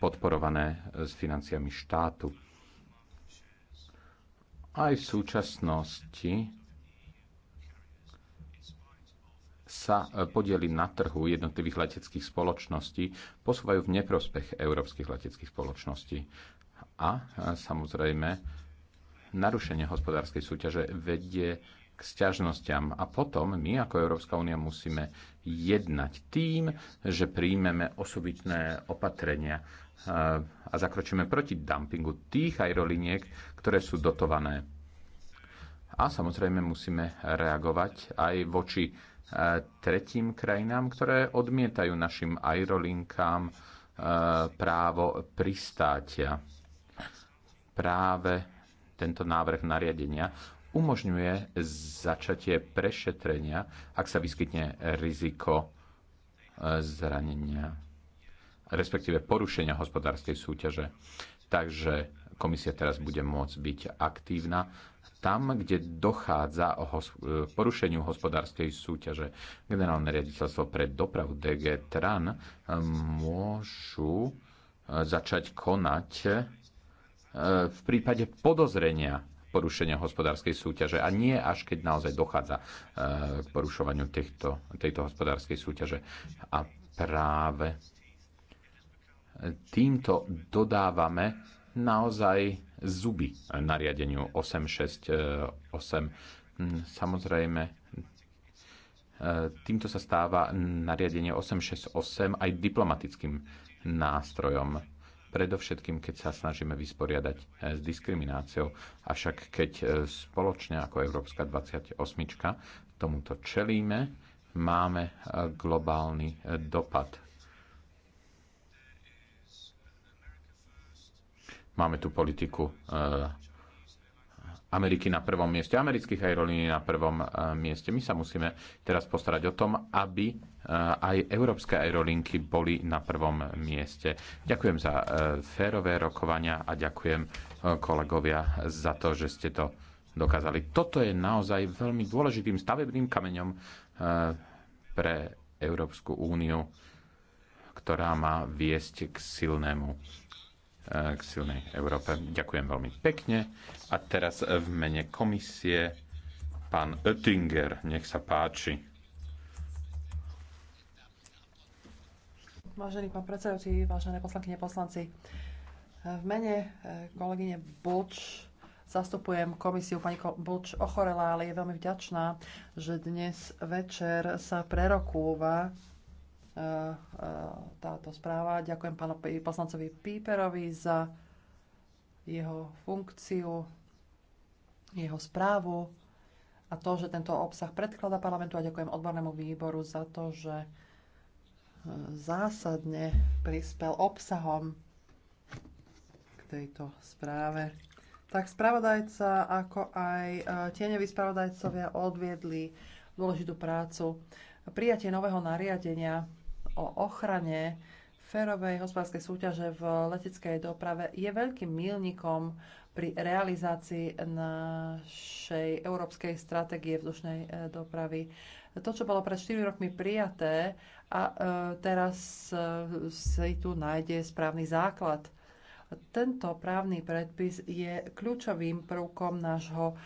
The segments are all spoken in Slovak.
podporované eh, s financiami štátu. Aj v súčasnosti sa eh, podiely na trhu jednotlivých leteckých spoločností posúvajú v neprospech európskych leteckých spoločností. A eh, samozrejme, narušenie hospodárskej súťaže vedie k sťažnostiam. A potom my ako Európska únia musíme jednať tým, že príjmeme osobitné opatrenia eh, a zakročíme proti dumpingu tých aeroliniek, ktoré sú dotované. A samozrejme musíme reagovať aj voči eh, tretím krajinám, ktoré odmietajú našim aerolinkám eh, právo pristátia. Práve tento návrh nariadenia umožňuje začatie prešetrenia, ak sa vyskytne riziko e, zranenia, respektíve porušenia hospodárskej súťaže. Takže komisia teraz bude môcť byť aktívna tam, kde dochádza o e, porušeniu hospodárskej súťaže. Generálne riaditeľstvo pre dopravu DG TRAN e, môžu začať konať v prípade podozrenia porušenia hospodárskej súťaže a nie až keď naozaj dochádza e, k porušovaniu týchto, tejto hospodárskej súťaže. A práve týmto dodávame naozaj zuby nariadeniu 868. E, hm, samozrejme, e, týmto sa stáva nariadenie 868 aj diplomatickým nástrojom predovšetkým keď sa snažíme vysporiadať eh, s diskrimináciou. Avšak keď eh, spoločne ako Európska 28 tomuto čelíme, máme eh, globálny dopad. Máme tu politiku Ameriky na prvom mieste, amerických aerolíny na prvom e, mieste. My sa musíme teraz postarať o tom, aby e, aj európske aerolinky boli na prvom mieste. Ďakujem za e, férové rokovania a ďakujem kolegovia za to, že ste to dokázali. Toto je naozaj veľmi dôležitým stavebným kameňom pre Európsku úniu, ktorá má viesť k silnému E, k silnej Európe. Ďakujem veľmi pekne. A teraz v mene komisie pán Oettinger, nech sa páči. Vážený pán predsedajúci, vážené poslankyne, poslanci, v mene e, kolegyne Bulč zastupujem komisiu. Pani Bulč ochorela, ale je veľmi vďačná, že dnes večer sa prerokúva E, e, táto správa. Ďakujem pánovi poslancovi Píperovi za jeho funkciu, jeho správu a to, že tento obsah predklada parlamentu a ďakujem odbornému výboru za to, že e, zásadne prispel obsahom k tejto správe. Tak spravodajca, ako aj tieňoví spravodajcovia odviedli dôležitú prácu. Prijatie nového nariadenia o ochrane férovej hospodárskej súťaže v leteckej doprave je veľkým milníkom pri realizácii našej európskej stratégie vzdušnej e, dopravy. To, čo bolo pred 4 rokmi prijaté a e, teraz e, si tu nájde správny základ. Tento právny predpis je kľúčovým prvkom nášho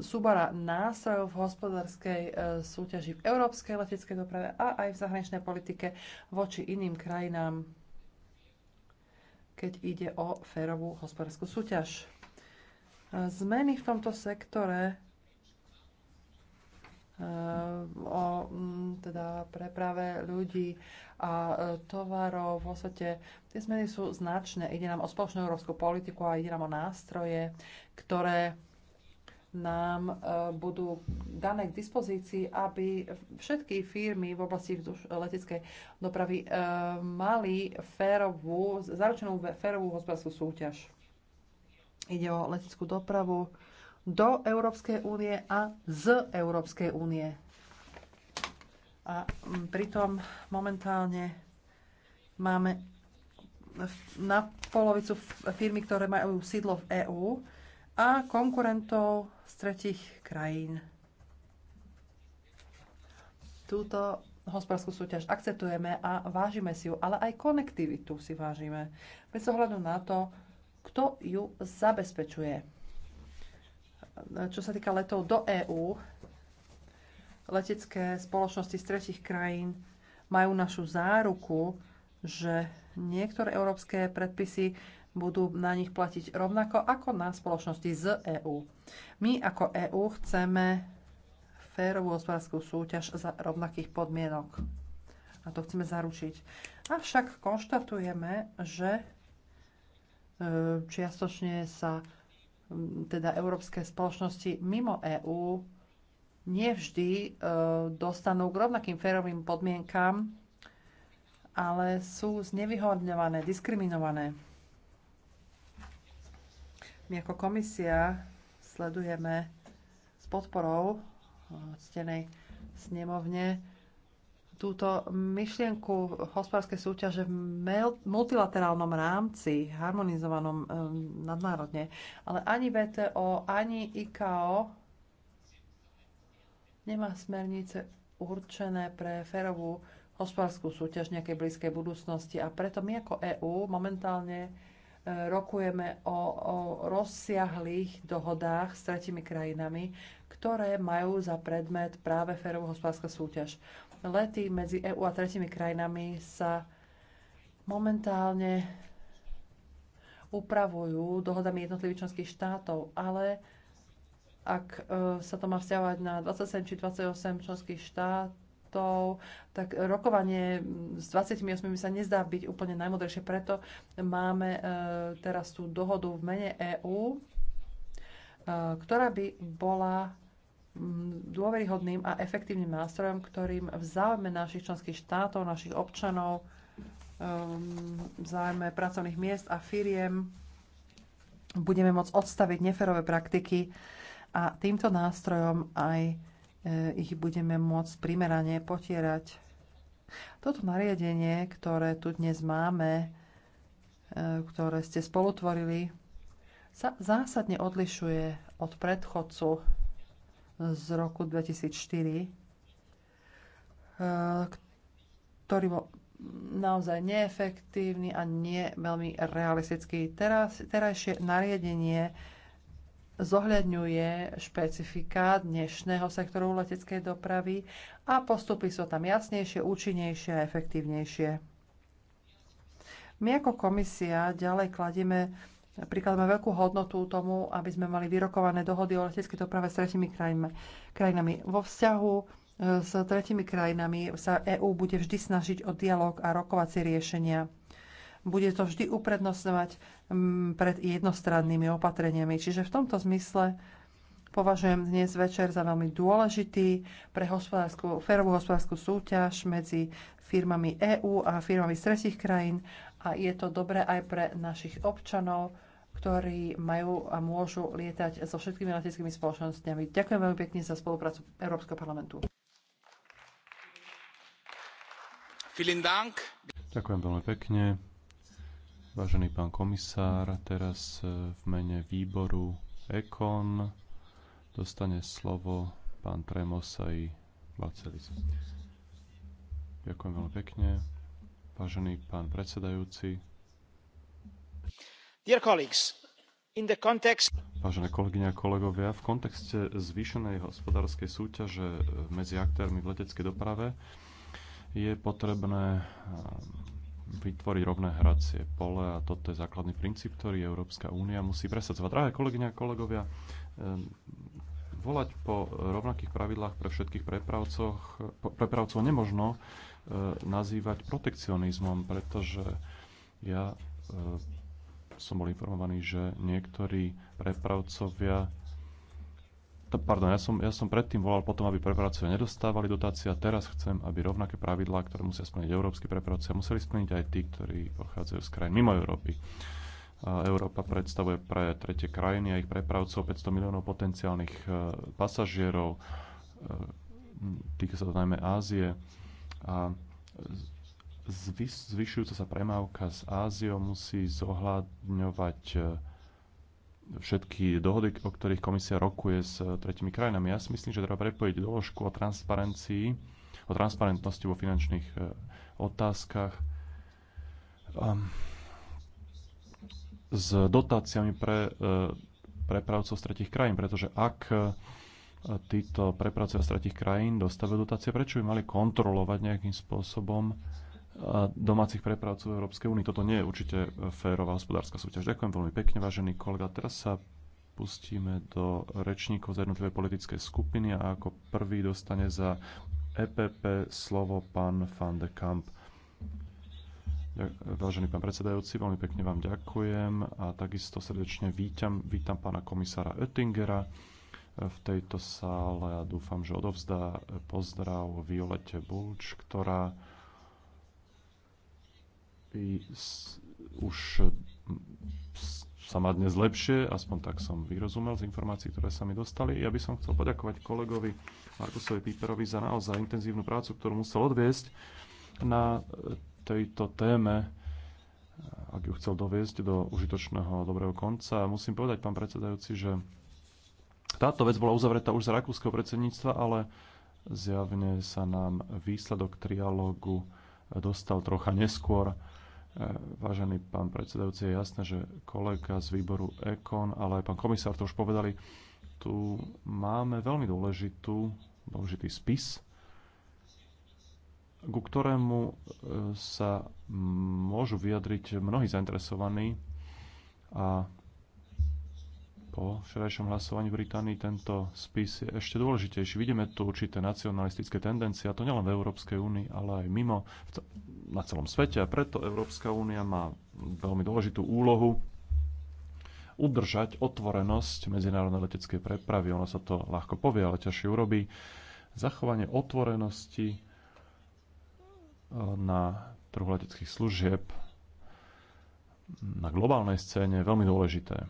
súbora nástrojov v hospodárskej e, súťaži v európskej leteckej doprave a aj v zahraničnej politike voči iným krajinám, keď ide o férovú hospodárskú súťaž. E, zmeny v tomto sektore Eh, o mm, teda preprave ľudí a eh, tovarov vo svete. Tie zmeny sú značné. Ide nám o spoločnú európsku politiku a ide nám o nástroje, ktoré nám eh, budú dané k dispozícii, aby všetky firmy v oblasti leteckej dopravy mali férovú, zaručenú férovú hospodárskú súťaž. Ide o leteckú dopravu, do Európskej únie a z Európskej únie. A mm, pritom momentálne máme na polovicu firmy, ktoré majú sídlo v EÚ a konkurentov z tretich krajín. Túto hospodárskú súťaž akceptujeme a vážime si ju, ale aj konektivitu si vážime, bez ohľadu na to, kto ju zabezpečuje čo sa týka letov do EÚ, letecké spoločnosti z tretich krajín majú našu záruku, že niektoré európske predpisy budú na nich platiť rovnako ako na spoločnosti z EÚ. My ako EÚ chceme férovú hospodárskú súťaž za rovnakých podmienok. A to chceme zaručiť. Avšak konštatujeme, že e, čiastočne sa teda európske spoločnosti mimo EÚ nevždy e, dostanú k rovnakým férovým podmienkam, ale sú znevýhodňované, diskriminované. My ako komisia sledujeme s podporou e, ctenej snemovne túto myšlienku hospodárskej súťaže v multilaterálnom rámci, harmonizovanom eh, nadnárodne. Ale ani VTO, ani IKO nemá smernice určené pre férovú hospodárskú súťaž nejakej blízkej budúcnosti. A preto my ako EÚ momentálne eh, rokujeme o, o rozsiahlých dohodách s tretimi krajinami, ktoré majú za predmet práve férovú hospodárska súťaž lety medzi EÚ a tretimi krajinami sa momentálne upravujú dohodami jednotlivých členských štátov, ale ak e, sa to má vzťahovať na 27 či 28 členských štátov, tak rokovanie s 28 sa nezdá byť úplne najmodrejšie. Preto máme e, teraz tú dohodu v mene EÚ, e, ktorá by bola dôveryhodným a efektívnym nástrojom, ktorým v záujme našich členských štátov, našich občanov, ehm, v záujme pracovných miest a firiem budeme môcť odstaviť neferové praktiky a týmto nástrojom aj e, ich budeme môcť primerane potierať. Toto nariadenie, ktoré tu dnes máme, e, ktoré ste spolutvorili, sa zásadne odlišuje od predchodcu z roku 2004, eh, ktorý bol naozaj neefektívny a nie veľmi realistický. Teraz, terajšie nariadenie zohľadňuje špecifika dnešného sektoru leteckej dopravy a postupy sú tam jasnejšie, účinnejšie a efektívnejšie. My ako komisia ďalej kladieme má veľkú hodnotu tomu, aby sme mali vyrokované dohody o leteckej doprave s tretimi krajinami. Vo vzťahu e, s tretimi krajinami sa EÚ bude vždy snažiť o dialog a rokovacie riešenia. Bude to vždy uprednostňovať pred jednostrannými opatreniami. Čiže v tomto zmysle považujem dnes večer za veľmi dôležitý pre hospodárskú, férovú hospodárskú súťaž medzi firmami EÚ a firmami z tretich krajín a je to dobré aj pre našich občanov, ktorí majú a môžu lietať so všetkými leteckými spoločnosťami. Ďakujem veľmi pekne za spoluprácu Európskeho parlamentu. Ďakujem veľmi pekne. Vážený pán komisár, teraz e, v mene výboru EKON dostane slovo pán Tremosaj Vacelis. Ďakujem veľmi pekne. Vážený pán predsedajúci, Vážené kolegyne a kolegovia, v kontexte zvýšenej hospodárskej súťaže e, medzi aktérmi v leteckej doprave je potrebné e, vytvoriť rovné hracie pole a toto je základný princíp, ktorý Európska únia musí presadzovať. Drahé kolegyne a kolegovia, e, volať po rovnakých pravidlách pre všetkých prepravcov nemožno nazývať protekcionizmom, pretože ja som bol informovaný, že niektorí prepravcovia pardon, ja som, ja som predtým volal potom, aby prepravcovia nedostávali dotácie a teraz chcem, aby rovnaké pravidlá, ktoré musia splniť európsky prepravcovia, museli splniť aj tí, ktorí pochádzajú z krajín mimo Európy. A Európa predstavuje pre tretie krajiny a ich prepravcov 500 miliónov potenciálnych e, pasažierov, e, týka sa to najmä Ázie. A zvyšujúca sa premávka s Áziou musí zohľadňovať e, všetky dohody, o ktorých komisia rokuje s e, tretimi krajinami. Ja si myslím, že treba prepojiť doložku o transparencii, o transparentnosti vo finančných e, otázkach um, s dotáciami pre prepravcov z tretich krajín, pretože ak títo prepravcovia z tretich krajín dostávajú dotácie, prečo by mali kontrolovať nejakým spôsobom domácich prepravcov Európskej únie. Toto nie je určite e, férová hospodárska súťaž. Ďakujem veľmi pekne, vážený kolega. Teraz sa pustíme do rečníkov za jednotlivé politické skupiny a ako prvý dostane za EPP slovo pán van de Kamp. Vážený pán predsedajúci, veľmi pekne vám ďakujem a takisto srdečne vítam, vítam pána komisára Oettingera e, v tejto sále a dúfam, že odovzdá pozdrav Violete Bulč, ktorá už sa má dnes lepšie, aspoň tak som vyrozumel z informácií, ktoré sa mi dostali. Ja by som chcel poďakovať kolegovi Markusovi Píperovi za naozaj intenzívnu prácu, ktorú musel odviesť na e, tejto téme, e, ak ju chcel doviesť do užitočného dobrého konca. Musím povedať, pán predsedajúci, že táto vec bola uzavretá už z rakúskeho predsedníctva, ale zjavne sa nám výsledok trialógu e, dostal trocha neskôr Eh, vážený pán predsedajúci, je jasné, že kolega z výboru EKON, ale aj pán komisár to už povedali, tu máme veľmi dôležitú, dôležitý spis, ku ktorému eh, sa môžu vyjadriť mnohí zainteresovaní a po včerajšom hlasovaní v Británii tento spis je ešte dôležitejší. Vidíme tu určité nacionalistické tendencie, a to nielen v Európskej únii, ale aj mimo na celom svete. A preto Európska únia má veľmi dôležitú úlohu udržať otvorenosť medzinárodnej leteckej prepravy. Ono sa to ľahko povie, ale ťažšie urobí. Zachovanie otvorenosti e, na trhu leteckých služieb na globálnej scéne je veľmi dôležité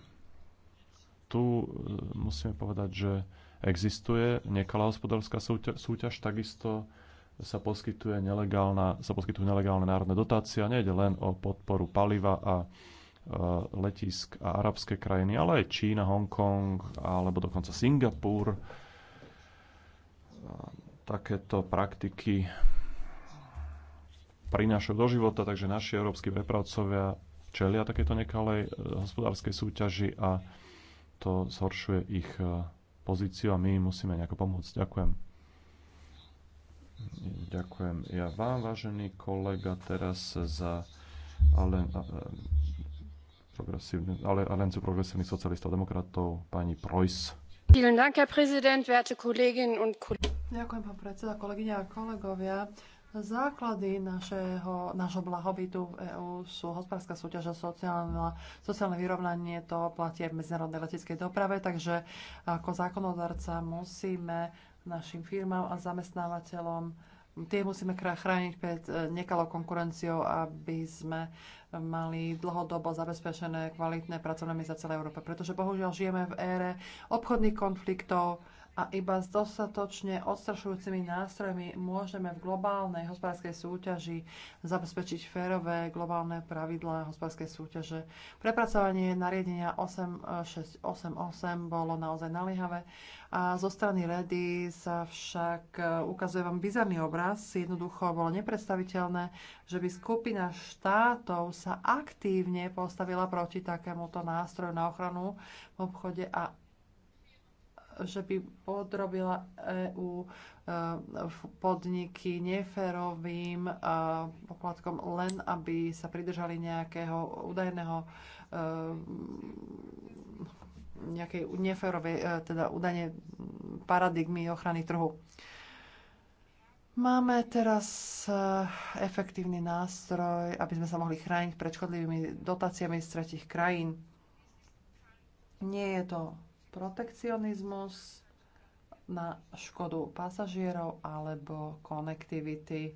tu e, musíme povedať, že existuje nekalá hospodárska súťaž, takisto sa, poskytuje nelegálna, sa poskytujú nelegálne národné dotácie a nejde len o podporu paliva a e, letisk a arabské krajiny, ale aj Čína, Hongkong alebo dokonca Singapur. E, takéto praktiky prinášajú do života, takže naši európsky prepravcovia čelia takéto nekalej hospodárskej súťaži a to zhoršuje ich e, pozíciu a my im musíme nejako pomôcť. Ďakujem. Ďakujem ja vám, vážený kolega, teraz za Alen, e, progresívny, ale, Aliancu progresívnych socialistov a demokratov, pani Preuss. Ďakujem, pán predseda, kolegyňa a kolegovia. Základy našeho, našho blahobytu v EÚ sú hospodárska súťaž a sociálne, sociálne vyrovnanie. To platí aj v medzinárodnej leteckej doprave, takže ako zákonodarca musíme našim firmám a zamestnávateľom tie musíme chrániť pred e, nekalou konkurenciou, aby sme mali dlhodobo zabezpečené kvalitné pracovné miesta celej Európe. Pretože bohužiaľ žijeme v ére obchodných konfliktov a iba s dostatočne odstrašujúcimi nástrojmi môžeme v globálnej hospodárskej súťaži zabezpečiť férové globálne pravidlá hospodárskej súťaže. Prepracovanie nariadenia 8688 bolo naozaj naliehavé a zo strany Redy sa však e, ukazuje vám bizarný obraz. Jednoducho bolo nepredstaviteľné, že by skupina štátov sa aktívne postavila proti takémuto nástroju na ochranu v obchode a že by podrobila EÚ e, podniky neférovým e, poplatkom len, aby sa pridržali nejakého údajného e, nejakej neférovej, teda údajne paradigmy ochrany trhu. Máme teraz efektívny nástroj, aby sme sa mohli chrániť pred škodlivými dotáciami z tretich krajín. Nie je to protekcionizmus na škodu pasažierov alebo konektivity,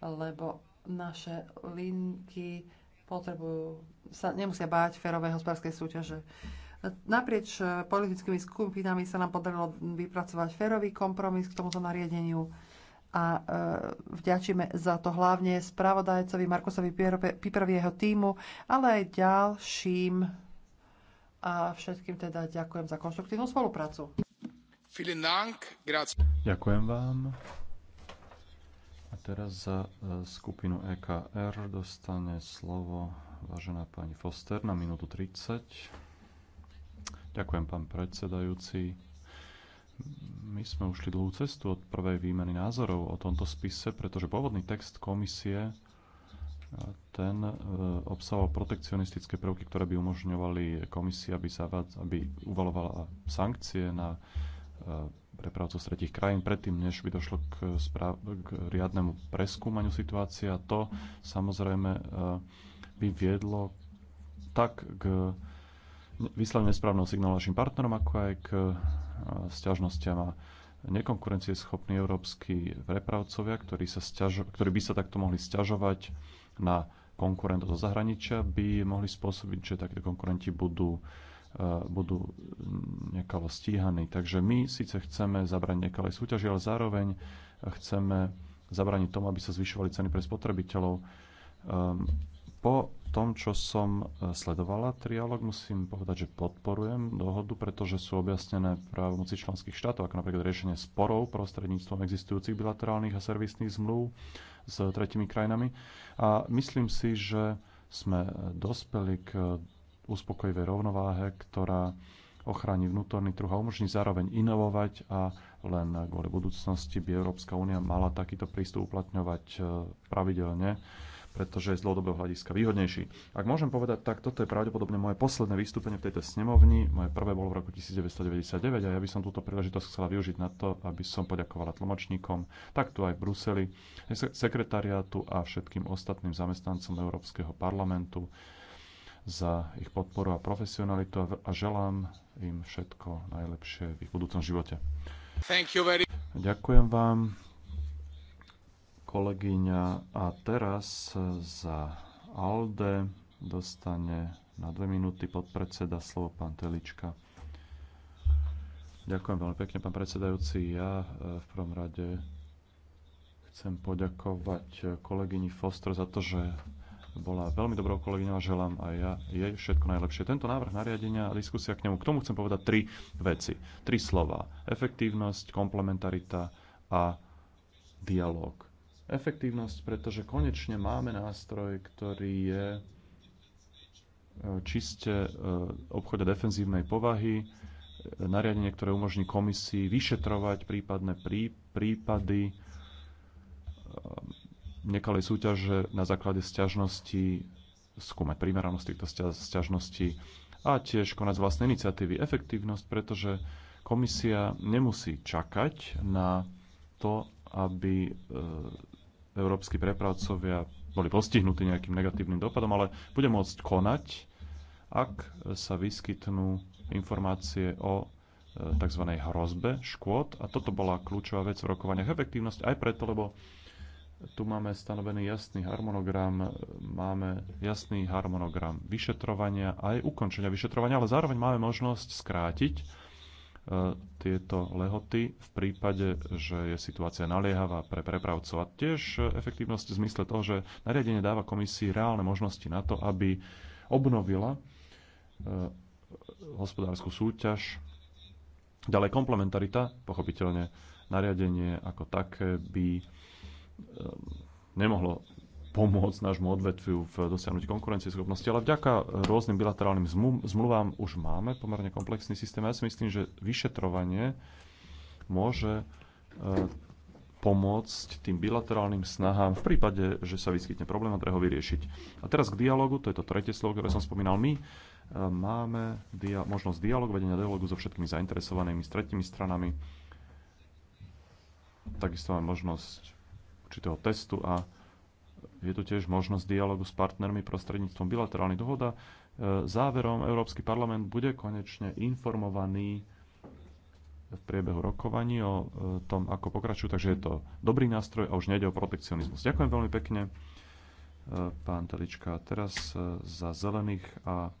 lebo naše linky potrebujú, sa nemusia báť ferovej hospodárskej súťaže. Naprieč politickými skupinami sa nám podarilo vypracovať férový kompromis k tomuto nariadeniu a e, vďačíme za to hlavne spravodajcovi Markusovi Piperovi jeho týmu, ale aj ďalším a všetkým teda ďakujem za konštruktívnu spoluprácu. Ďakujem vám. A teraz za e, skupinu EKR dostane slovo vážená pani Foster na minútu 30. Ďakujem, pán predsedajúci. My sme ušli dlhú cestu od prvej výmeny názorov o tomto spise, pretože pôvodný text komisie ten e, obsahoval protekcionistické prvky, ktoré by umožňovali komisii, aby, aby uvalovala sankcie na e, prepravcov z tretich krajín predtým, než by došlo k, správ- k riadnemu preskúmaniu situácie. A to samozrejme e, by viedlo tak k vyslaniu správnom signálu našim partnerom, ako aj k sťažnostiam a nekonkurencieschopní európsky prepravcovia, ktorí, sa stiažo- ktorí by sa takto mohli sťažovať na konkurentov zo zahraničia, by mohli spôsobiť, že takíto konkurenti budú e, budú mm, nekalo stíhaní. Takže my síce chceme zabrať nekalej súťaži, ale zároveň chceme zabrániť tomu, aby sa zvyšovali ceny pre spotrebiteľov. Ehm, po tom, čo som e, sledovala trialog, musím povedať, že podporujem dohodu, pretože sú objasnené právomoci členských štátov, ako napríklad riešenie sporov prostredníctvom existujúcich bilaterálnych a servisných zmluv, s tretimi krajinami. A myslím si, že sme dospeli k uspokojivej rovnováhe, ktorá ochráni vnútorný trh a umožní zároveň inovovať a len kvôli budúcnosti by Európska únia mala takýto prístup uplatňovať eh, pravidelne pretože je z dlhodobého hľadiska výhodnejší. Ak môžem povedať, tak toto je pravdepodobne moje posledné vystúpenie v tejto snemovni. Moje prvé bolo v roku 1999 a ja by som túto príležitosť chcela využiť na to, aby som poďakovala tlmočníkom, tak tu aj v Bruseli, sekretariátu a všetkým ostatným zamestnancom Európskeho parlamentu za ich podporu a profesionalitu a želám im všetko najlepšie v ich budúcom živote. Very... Ďakujem vám kolegyňa. A teraz za ALDE dostane na dve minúty podpredseda slovo pán Telička. Ďakujem veľmi pekne, pán predsedajúci. Ja e, v prvom rade chcem poďakovať kolegyni Foster za to, že bola veľmi dobrou kolegyňou a želám aj ja jej všetko najlepšie. Tento návrh nariadenia a diskusia k nemu, k tomu chcem povedať tri veci, tri slova. Efektívnosť, komplementarita a dialog efektívnosť, pretože konečne máme nástroj, ktorý je e, čiste e, obchode defenzívnej povahy, e, nariadenie, ktoré umožní komisii vyšetrovať prípadné prí, prípady nekalej súťaže na základe sťažnosti, skúmať primeranosť týchto sťažností a tiež konať z vlastnej iniciatívy efektívnosť, pretože komisia nemusí čakať na to, aby európsky prepravcovia boli postihnutí nejakým negatívnym dopadom, ale bude môcť konať, ak sa vyskytnú informácie o e, tzv. hrozbe škôd. A toto bola kľúčová vec v rokovaniach. Efektívnosť aj preto, lebo tu máme stanovený jasný harmonogram, e, máme jasný harmonogram vyšetrovania aj ukončenia vyšetrovania, ale zároveň máme možnosť skrátiť E, tieto lehoty v prípade, že je situácia naliehavá pre prepravcov. A tiež e, efektívnosť v zmysle toho, že nariadenie dáva komisii reálne možnosti na to, aby obnovila e, hospodárskú súťaž. Ďalej komplementarita, pochopiteľne nariadenie ako také by nemohlo pomôcť nášmu odvetviu v dosiahnutí konkurencieschopnosti, ale vďaka rôznym bilaterálnym zmluvám už máme pomerne komplexný systém. Ja si myslím, že vyšetrovanie môže e, pomôcť tým bilaterálnym snahám v prípade, že sa vyskytne problém a treba ho vyriešiť. A teraz k dialogu, to je to tretie slovo, ktoré som spomínal. My e, máme dia- možnosť dialogu, vedenia dialogu so všetkými zainteresovanými, s tretími stranami. Takisto máme možnosť určitého testu a je tu tiež možnosť dialogu s partnermi prostredníctvom bilaterálnych dohod a e, záverom Európsky parlament bude konečne informovaný v priebehu rokovaní o e, tom, ako pokračujú. Takže je to dobrý nástroj a už nejde o protekcionizmus. Ďakujem veľmi pekne, e, pán Telička. Teraz za zelených a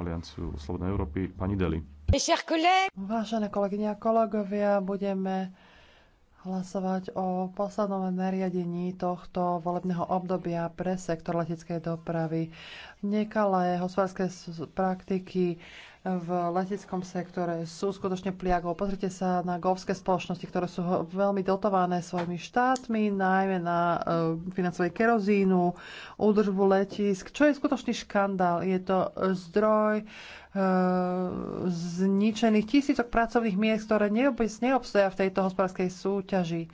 Alianciu Slobodnej Európy, pani Deli. Vážené kolegyne a kolegovia, budeme hlasovať o poslednom nariadení tohto volebného obdobia pre sektor leteckej dopravy. Nekalé hospodárske praktiky v leteckom sektore sú skutočne pliagou. Pozrite sa na golfské spoločnosti, ktoré sú veľmi dotované svojimi štátmi, najmä na uh, kerozínu, údržbu letisk, čo je skutočný škandál. Je to zdroj uh, zničených tisícok pracovných miest, ktoré neobstoja v tejto hospodárskej súťaži.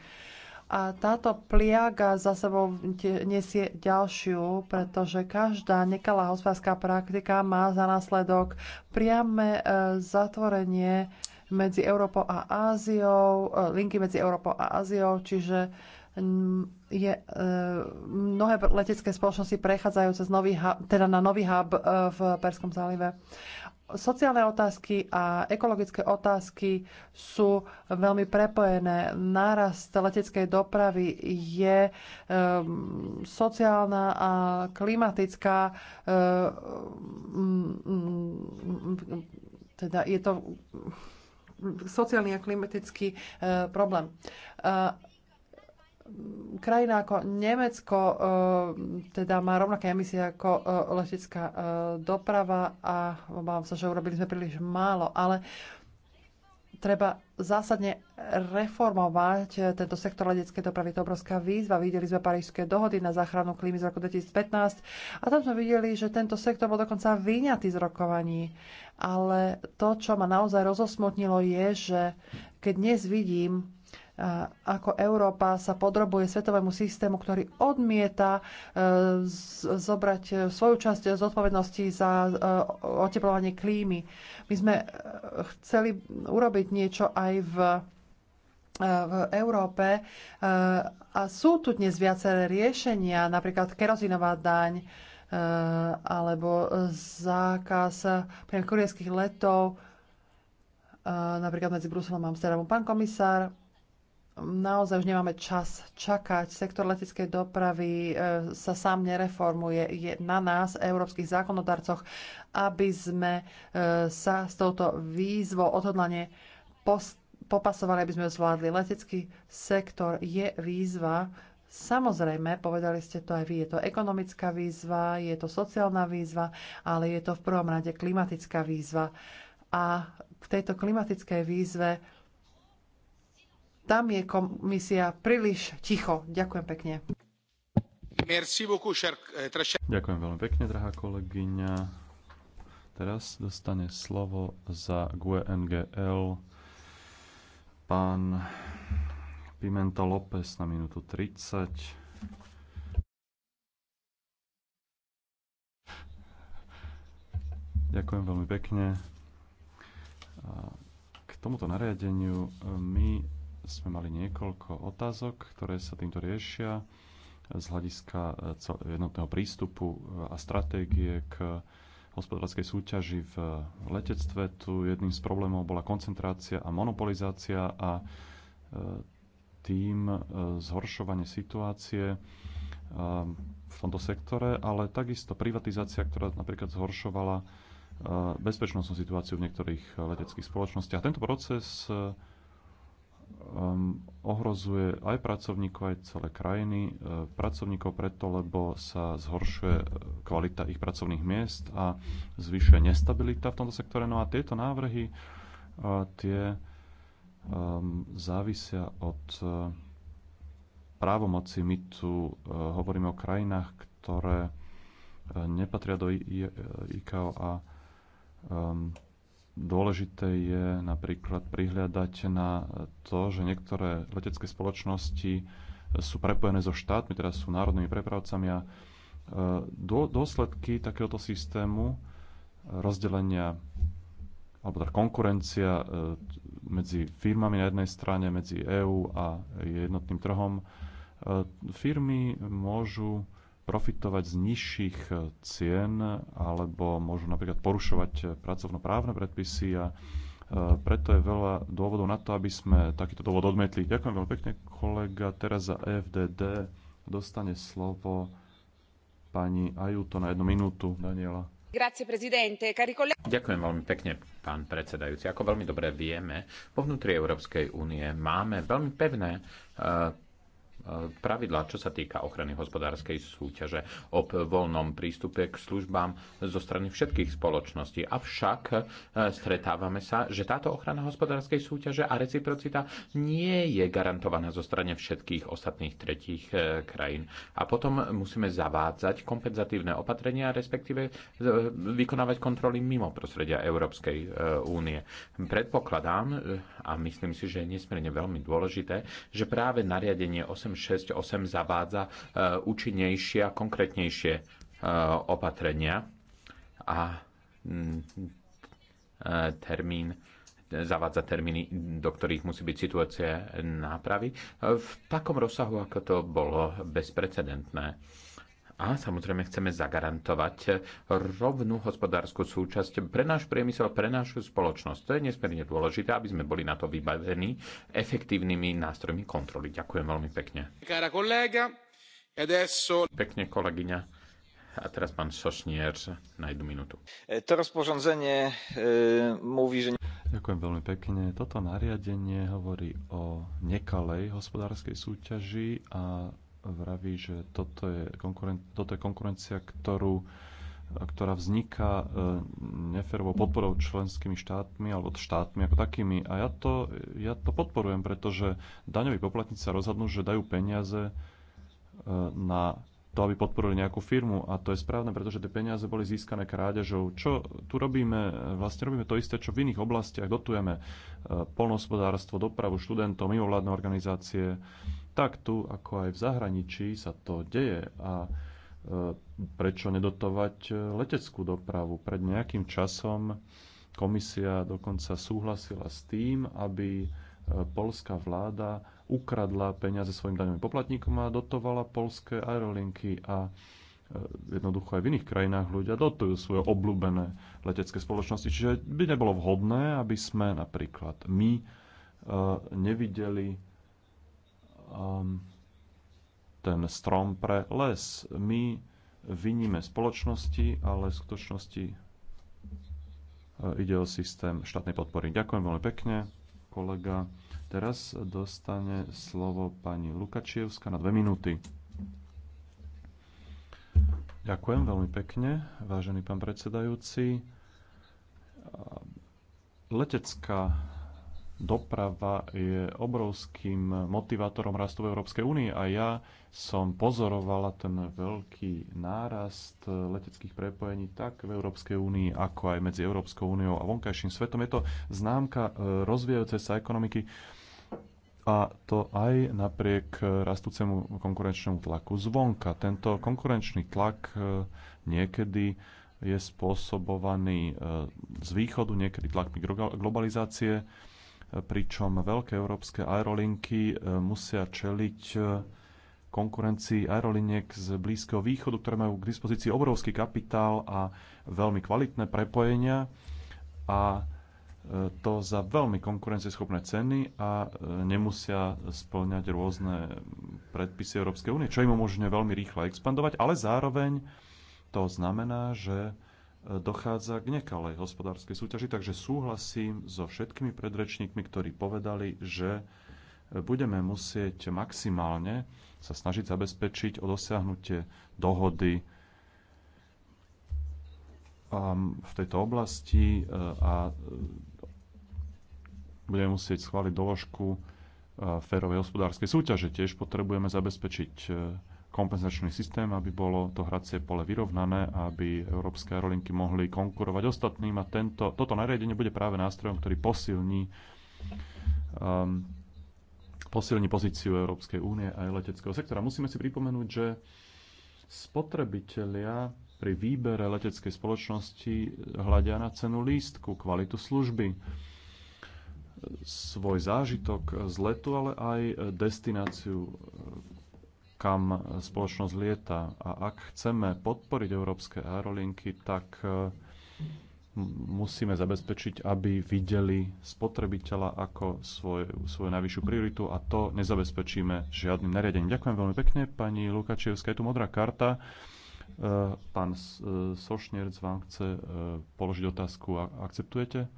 A táto pliaga za sebou nesie ďalšiu, pretože každá nekalá hospodárska praktika má za následok priame e, zatvorenie medzi Európou a Áziou, e, linky medzi Európou a Áziou, čiže je, e, mnohé letecké spoločnosti prechádzajú cez nový hub, teda na nový hub v Perskom zálive sociálne otázky a ekologické otázky sú veľmi prepojené. Nárast leteckej dopravy je um, sociálna a klimatická. Um, teda je to sociálny a klimatický uh, problém. Uh, krajina ako Nemecko e, teda má rovnaké emisie ako e, letecká e, doprava a obávam sa, že urobili sme príliš málo, ale treba zásadne reformovať tento sektor leteckej dopravy. To je obrovská výzva. Videli sme parížské dohody na záchranu klímy z roku 2015 a tam sme videli, že tento sektor bol dokonca vyňatý z rokovaní. Ale to, čo ma naozaj rozosmotnilo, je, že keď dnes vidím ako Európa sa podrobuje svetovému systému, ktorý odmieta e, zobrať svoju časť zodpovednosti za e, oteplovanie klímy. My sme e, chceli urobiť niečo aj v v Európe a sú tu dnes viaceré riešenia, napríklad kerozinová daň alebo zákaz priam kurierských letov napríklad medzi Bruselom a Amsterdamom. Pán komisár, naozaj už nemáme čas čakať. Sektor leteckej dopravy e, sa sám nereformuje. Je na nás, európskych zákonodarcoch, aby sme e, sa s touto výzvou odhodlane popasovali, aby sme ju zvládli. Letecký sektor je výzva. Samozrejme, povedali ste to aj vy, je to ekonomická výzva, je to sociálna výzva, ale je to v prvom rade klimatická výzva. A k tejto klimatickej výzve tam je komisia príliš ticho. Ďakujem pekne. Eh, Ďakujem veľmi pekne, drahá kolegyňa. Teraz dostane slovo za GUNGL pán Pimenta López na minútu 30. Ďakujem veľmi pekne. K tomuto nariadeniu eh, my sme mali niekoľko otázok, ktoré sa týmto riešia z hľadiska eh, jednotného prístupu eh, a stratégie k eh, hospodárskej súťaži v letectve. Tu jedným z problémov bola koncentrácia a monopolizácia a tým zhoršovanie situácie v tomto sektore, ale takisto privatizácia, ktorá napríklad zhoršovala bezpečnostnú situáciu v niektorých leteckých spoločnostiach. Tento proces um, ohrozuje aj pracovníkov, aj celé krajiny. Uh, pracovníkov preto, lebo sa zhoršuje uh, kvalita ich pracovných miest a zvyšuje nestabilita v tomto sektore. No a tieto návrhy, uh, tie um, závisia od uh, právomoci. My tu uh, hovoríme o krajinách, ktoré uh, nepatria do IKO a um, Dôležité je napríklad prihľadať na to, že niektoré letecké spoločnosti sú prepojené so štátmi, teda sú národnými prepravcami a e, dôsledky takéhoto systému e, rozdelenia alebo teda konkurencia e, medzi firmami na jednej strane, medzi EÚ a jednotným trhom, firmy môžu profitovať z nižších eh, cien alebo môžu napríklad porušovať eh, pracovnoprávne predpisy a eh, preto je veľa dôvodov na to, aby sme takýto dôvod odmietli. Ďakujem veľmi pekne, kolega. Teraz za FDD dostane slovo pani Ajuto na jednu minútu. Daniela. Ďakujem veľmi pekne, pán predsedajúci. Ako veľmi dobre vieme, vo vnútri Európskej únie máme veľmi pevné uh, pravidlá, čo sa týka ochrany hospodárskej súťaže o voľnom prístupe k službám zo strany všetkých spoločností. Avšak e, stretávame sa, že táto ochrana hospodárskej súťaže a reciprocita nie je garantovaná zo strany všetkých ostatných tretích e, krajín. A potom musíme zavádzať kompenzatívne opatrenia, respektíve e, vykonávať kontroly mimo prostredia Európskej únie. Predpokladám, a myslím si, že je nesmierne veľmi dôležité, že práve nariadenie 8 868 zavádza eh, účinnejšie a konkrétnejšie eh, opatrenia a mm, eh, termín zavádza termíny, do ktorých musí byť situácia nápravy v takom rozsahu, ako to bolo bezprecedentné a samozrejme chceme zagarantovať rovnú hospodárskú súčasť pre náš priemysel, pre našu spoločnosť. To je nesmierne dôležité, aby sme boli na to vybavení efektívnymi nástrojmi kontroly. Ďakujem veľmi pekne. E pekne, kolegyňa. A teraz pán Sosnier na jednu minútu. E, to rozporządzenie e, mówi, že... Ďakujem veľmi pekne. Toto nariadenie hovorí o nekalej hospodárskej súťaži a vraví, že toto je, konkuren- toto je konkurencia, ktorú, ktorá vzniká e, neférovou podporou členskými štátmi alebo štátmi ako takými. A ja to, ja to podporujem, pretože daňoví poplatníci sa rozhodnú, že dajú peniaze e, na to, aby podporili nejakú firmu. A to je správne, pretože tie peniaze boli získané krádežou. Čo tu robíme? Vlastne robíme to isté, čo v iných oblastiach. Dotujeme e, polnohospodárstvo, dopravu študentov, mimovládne organizácie. Tak tu, ako aj v zahraničí, sa to deje. A e, prečo nedotovať e, leteckú dopravu? Pred nejakým časom komisia dokonca súhlasila s tým, aby polská vláda ukradla peniaze svojim daňovým poplatníkom a dotovala polské aerolinky a e, jednoducho aj v iných krajinách ľudia dotujú svoje obľúbené letecké spoločnosti. Čiže by nebolo vhodné, aby sme napríklad my e, nevideli ehm, ten strom pre les. My viníme spoločnosti, ale v skutočnosti e, ide o systém štátnej podpory. Ďakujem veľmi pekne, kolega. Teraz dostane slovo pani Lukačievska na dve minúty. Ďakujem veľmi pekne, vážený pán predsedajúci. Letecká doprava je obrovským motivátorom rastu v Európskej únii a ja som pozorovala ten veľký nárast leteckých prepojení tak v Európskej únii, ako aj medzi Európskou úniou a vonkajším svetom. Je to známka e, rozvíjajúcej sa ekonomiky a to aj napriek e, rastúcemu konkurenčnému tlaku zvonka. Tento konkurenčný tlak e, niekedy je spôsobovaný e, z východu, niekedy tlakmi globalizácie, pričom veľké európske aerolinky musia čeliť konkurencii aeroliniek z Blízkeho východu, ktoré majú k dispozícii obrovský kapitál a veľmi kvalitné prepojenia a to za veľmi konkurencieschopné ceny a e, nemusia splňať rôzne predpisy Európskej únie, čo im umožňuje veľmi rýchlo expandovať, ale zároveň to znamená, že e, dochádza k nekalej hospodárskej súťaži, takže súhlasím so všetkými predrečníkmi, ktorí povedali, že e, budeme musieť maximálne sa snažiť zabezpečiť o dosiahnutie dohody v tejto oblasti a budeme musieť schváliť doložku e, férovej hospodárskej súťaže. Tiež potrebujeme zabezpečiť e, kompenzačný systém, aby bolo to hracie pole vyrovnané, aby európske aerolinky mohli konkurovať ostatným a tento, toto nariadenie bude práve nástrojom, ktorý posilní um, posilní pozíciu Európskej únie a aj leteckého sektora. Musíme si pripomenúť, že spotrebitelia pri výbere leteckej spoločnosti hľadia na cenu lístku, kvalitu služby svoj zážitok z letu, ale aj destináciu, kam spoločnosť lieta. A ak chceme podporiť európske aerolinky, tak e, musíme zabezpečiť, aby videli spotrebiteľa ako svoj, svoju najvyššiu prioritu a to nezabezpečíme žiadnym nariadením. Ďakujem veľmi pekne, pani Lukačevská. Je tu modrá karta. E, pán e, Sošnierc vám chce položiť otázku. Akceptujete?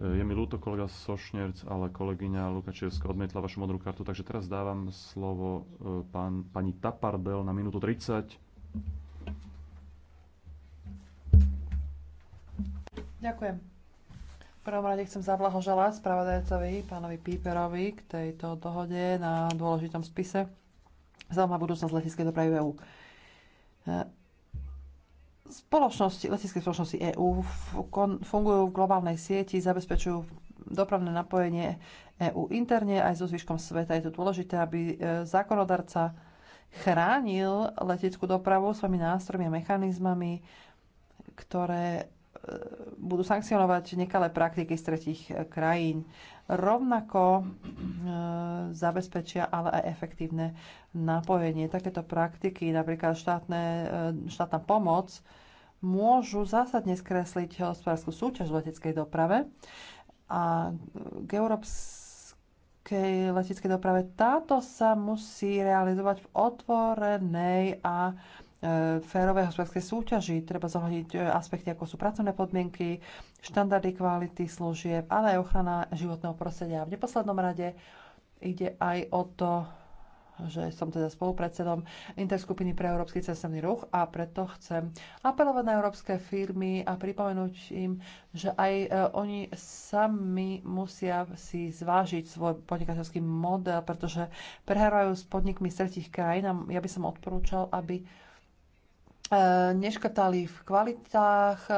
Je mi ľúto, kolega Sošnerc, ale kolegyňa Lukačevská odmietla vašu modrú kartu, takže teraz dávam slovo e, pán, pani Tapardel na minútu 30. Ďakujem. V prvom rade chcem zablahoželať spravodajcovi, pánovi Píperovi, k tejto dohode na dôležitom spise. Zaujímavá budúcnosť letiskej dopravy EU. E, Spoločnosti, letecké spoločnosti EÚ fungujú v globálnej sieti, zabezpečujú dopravné napojenie EÚ interne aj so zvyškom sveta. Je to dôležité, aby e, zákonodarca chránil leteckú dopravu svojimi nástrojmi a mechanizmami, ktoré e, budú sankcionovať nekalé praktiky z tretich e, krajín. Rovnako e, zabezpečia ale aj efektívne napojenie. Takéto praktiky, napríklad štátne, e, štátna pomoc, môžu zásadne skresliť hospodárskú súťaž v leteckej doprave. A k európskej leteckej doprave táto sa musí realizovať v otvorenej a e, férovej hospodárskej súťaži. Treba zohľadiť e, aspekty, ako sú pracovné podmienky, štandardy kvality služieb, ale aj ochrana životného prostredia. V neposlednom rade ide aj o to že som teda spolupredsedom Interskupiny pre Európsky cestovný ruch a preto chcem apelovať na európske firmy a pripomenúť im, že aj e, oni sami musia si zvážiť svoj podnikateľský model, pretože prehrávajú s podnikmi z tretich krajín a ja by som odporúčal, aby e, neškrtali v kvalitách e,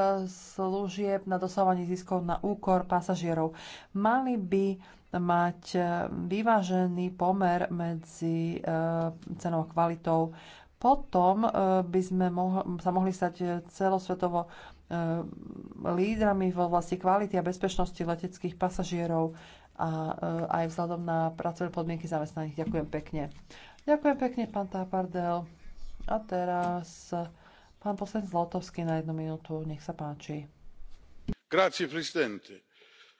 služieb na dosávanie ziskov na úkor pasažierov. Mali by mať eh, vyvážený pomer medzi eh, cenou a kvalitou. Potom eh, by sme sa mohli stať celosvetovo lídrami vo vlasti kvality a bezpečnosti leteckých pasažierov a aj vzhľadom na pracovné podmienky zamestnaných. Ďakujem pekne. Ďakujem pekne, pán Tápardel. A teraz pán poslanec Zlotovský na jednu minútu. Nech sa páči. Grazie, presidente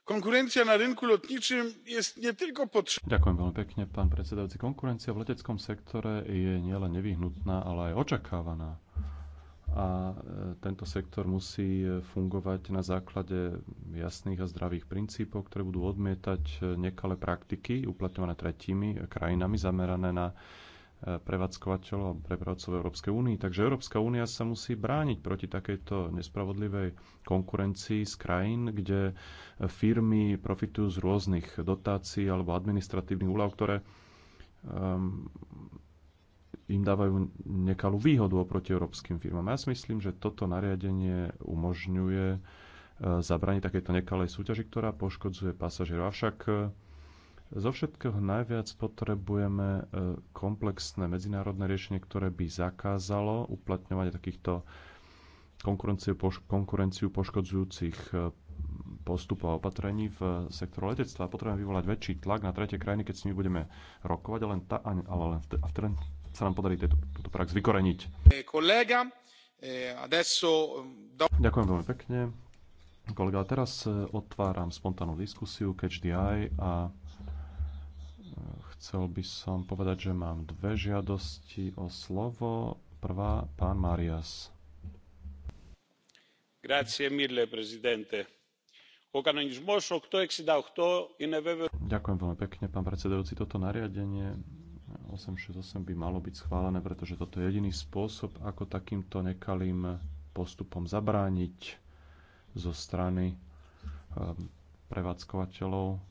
Konkurencia na rynku lotniczym jest nie tylko potrzebna. Ďakujem veľmi pekne, pán predsedajúci. Konkurencia v leteckom sektore je nielen nevyhnutná, ale aj očakávaná. A e, tento sektor musí e, fungovať na základe jasných a zdravých princípov, ktoré budú odmietať e, nekalé praktiky uplatňované tretími krajinami zamerané na prevádzkovateľov a prepravcov Európskej únii. Takže Európska únia sa musí brániť proti takejto nespravodlivej konkurencii z krajín, kde firmy profitujú z rôznych dotácií alebo administratívnych úľav, ktoré um, im dávajú nekalú výhodu oproti európskym firmám. Ja si myslím, že toto nariadenie umožňuje uh, zabraniť takéto nekalej súťaži, ktorá poškodzuje pasažierov. Avšak uh, zo všetkého najviac potrebujeme e, komplexné medzinárodné riešenie, ktoré by zakázalo uplatňovať takýchto konkurenciu, poš- konkurenciu poškodzujúcich e, postupov a opatrení v e, sektoru letectva. Potrebujeme vyvolať väčší tlak na tretie krajiny, keď s nimi budeme rokovať, ale len, ale v, vtedy sa nám podarí tieto, túto prax vykoreniť. Kolega, adesso... Mm, Ďakujem veľmi pekne. Kolega, teraz otváram spontánnu diskusiu Catch the Eye a Chcel by som povedať, že mám dve žiadosti o slovo. Prvá, pán Marias. Grazie mille, prezidente. Ďakujem veľmi pekne, pán predsedajúci. Toto nariadenie 868 by malo byť schválené, pretože toto je jediný spôsob, ako takýmto nekalým postupom zabrániť zo strany ehm, prevádzkovateľov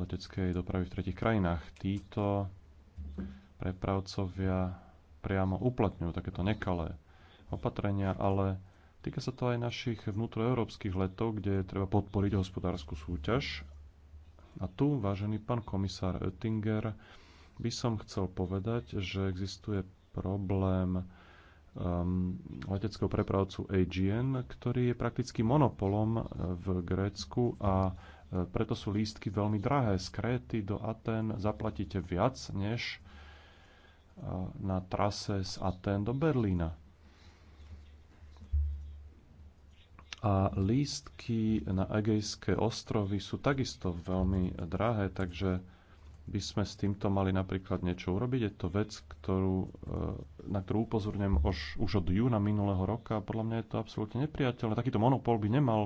leteckej dopravy v tretich krajinách. Títo prepravcovia priamo uplatňujú takéto nekalé opatrenia, ale týka sa to aj našich vnútroeurópskych letov, kde je treba podporiť hospodárskú súťaž. A tu, vážený pán komisár Oettinger, by som chcel povedať, že existuje problém um, leteckého prepravcu AGN, ktorý je prakticky monopolom eh, v Grécku a preto sú lístky veľmi drahé. Z Kréty do Aten zaplatíte viac než e, na trase z Aten do Berlína. A lístky na Egejské ostrovy sú takisto veľmi drahé, takže by sme s týmto mali napríklad niečo urobiť. Je to vec, ktorú, e, na ktorú upozorňujem už, už od júna minulého roka. Podľa mňa je to absolútne nepriateľné. Takýto monopol by nemal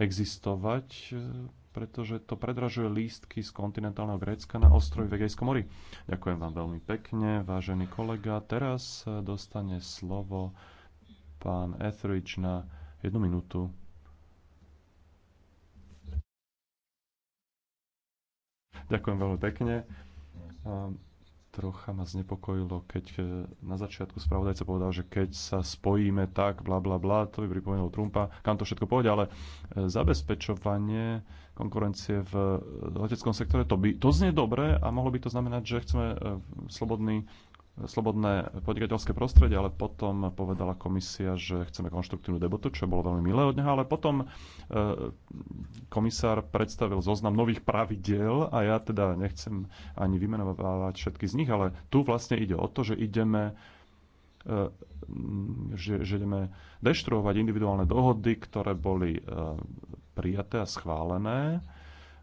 existovať e, pretože to predražuje lístky z kontinentálneho Grécka na ostrovy v Egejskom mori. Ďakujem vám veľmi pekne, vážený kolega. Teraz dostane slovo pán Etheridge na jednu minútu. Ďakujem veľmi pekne. Trocha ma znepokojilo, keď e, na začiatku spravodajca povedal, že keď sa spojíme tak, bla bla bla, to by pripomenulo Trumpa, kam to všetko pôjde, ale e, zabezpečovanie konkurencie v leteckom sektore. To, by, to znie dobre a mohlo by to znamenať, že chceme e, slobodný slobodné podnikateľské prostredie, ale potom povedala komisia, že chceme konštruktívnu debatu, čo bolo veľmi milé od neho, ale potom e, komisár predstavil zoznam nových pravidiel a ja teda nechcem ani vymenovávať všetky z nich, ale tu vlastne ide o to, že ideme e, že, že ideme deštruovať individuálne dohody, ktoré boli prijaté a schválené.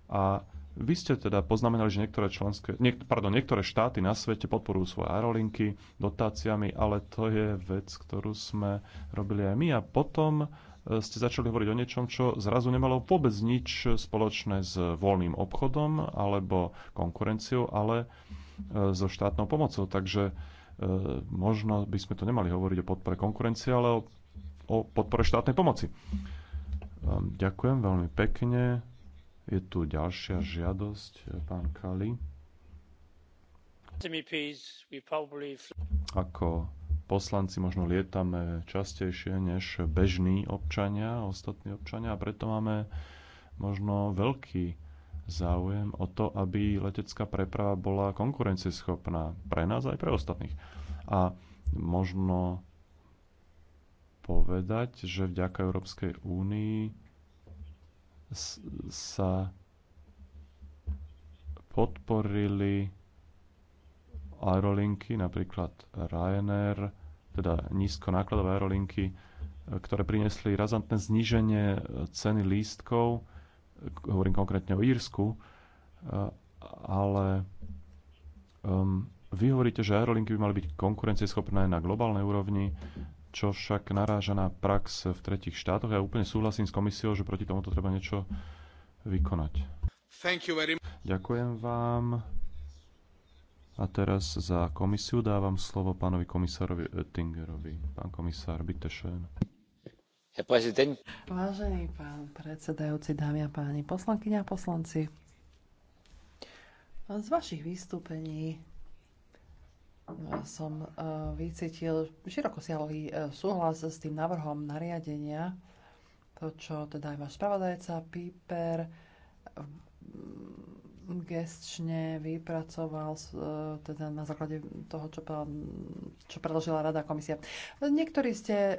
A vy ste teda poznamenali, že niektoré, členské, niek, pardon, niektoré štáty na svete podporujú svoje aerolinky dotáciami, ale to je vec, ktorú sme robili aj my. A potom e, ste začali hovoriť o niečom, čo zrazu nemalo vôbec nič spoločné s voľným obchodom alebo konkurenciou, ale e, so štátnou pomocou. Takže e, možno by sme to nemali hovoriť o podpore konkurencie, ale o, o podpore štátnej pomoci. Ďakujem veľmi pekne. Je tu ďalšia žiadosť, eh, pán Kali. Ako poslanci možno lietame častejšie než bežní občania, ostatní občania a preto máme možno veľký záujem o to, aby letecká preprava bola konkurencieschopná pre nás aj pre ostatných. A možno povedať, že vďaka Európskej únii sa podporili aerolinky, napríklad Ryanair, teda nízkonákladové aerolinky, ktoré priniesli razantné zníženie ceny lístkov, hovorím konkrétne o Írsku, ale um, vy hovoríte, že aerolinky by mali byť konkurencieschopné na globálnej úrovni čo však naráža na prax v tretich štátoch. Ja úplne súhlasím s komisiou, že proti tomuto treba niečo vykonať. Ďakujem vám. A teraz za komisiu dávam slovo pánovi komisárovi Oettingerovi. Pán komisár, byte schön. Vážený pán predsedajúci, dámy a páni poslankyňa a poslanci, z vašich vystúpení som e, vycítil široko siahlý e, súhlas s tým návrhom nariadenia, to, čo teda aj váš spravodajca Piper gestčne vypracoval e, teda na základe toho, čo, čo predložila Rada komisia. Niektorí ste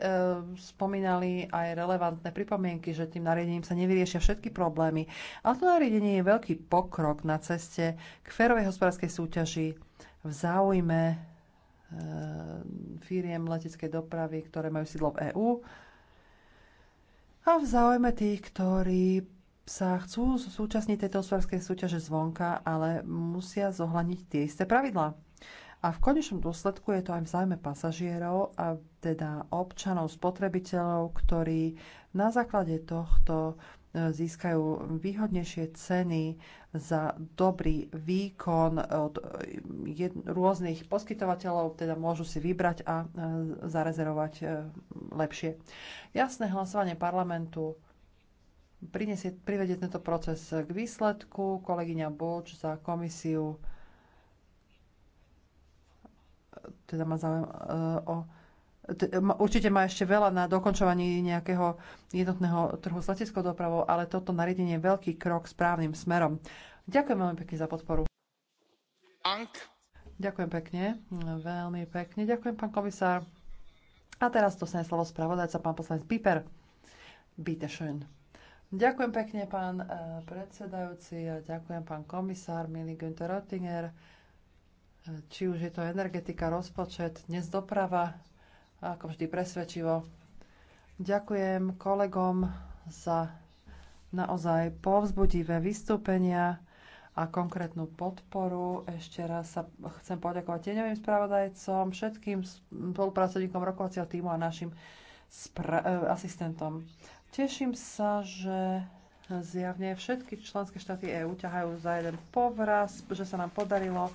spomínali aj relevantné pripomienky, že tým nariadením sa nevyriešia všetky problémy, ale to nariadenie je veľký pokrok na ceste k férovej hospodárskej súťaži v záujme eh, firiem leteckej dopravy, ktoré majú sídlo v EÚ a v záujme tých, ktorí sa chcú súčasniť tejto hospodárskej súťaže zvonka, ale musia zohľadniť tie isté pravidlá. A v konečnom dôsledku je to aj v zájme pasažierov a teda občanov, spotrebiteľov, ktorí na základe tohto získajú výhodnejšie ceny za dobrý výkon od rôznych poskytovateľov, teda môžu si vybrať a e, zarezervovať e, lepšie. Jasné hlasovanie parlamentu prinesie, privedie tento proces k výsledku. Kolegyňa Boč za komisiu e, teda má záujem o určite má ešte veľa na dokončovaní nejakého jednotného trhu s leteckou dopravou, ale toto nariadenie je veľký krok správnym smerom. Ďakujem veľmi pekne za podporu. Ank. Ďakujem pekne, veľmi pekne. Ďakujem, pán komisár. A teraz to sne slovo spravodajca, pán poslanec Piper. Bitte schön. Ďakujem pekne, pán eh, predsedajúci, a ďakujem, pán komisár, milý Günther Oettinger. Eh, či už je to energetika, rozpočet, dnes doprava, ako vždy presvedčivo. Ďakujem kolegom za naozaj povzbudivé vystúpenia a konkrétnu podporu. Ešte raz sa chcem poďakovať tieňovým spravodajcom, všetkým spolupracovníkom rokovacieho týmu a našim e, asistentom. Teším sa, že zjavne všetky členské štáty EÚ ťahajú za jeden povraz, že sa nám podarilo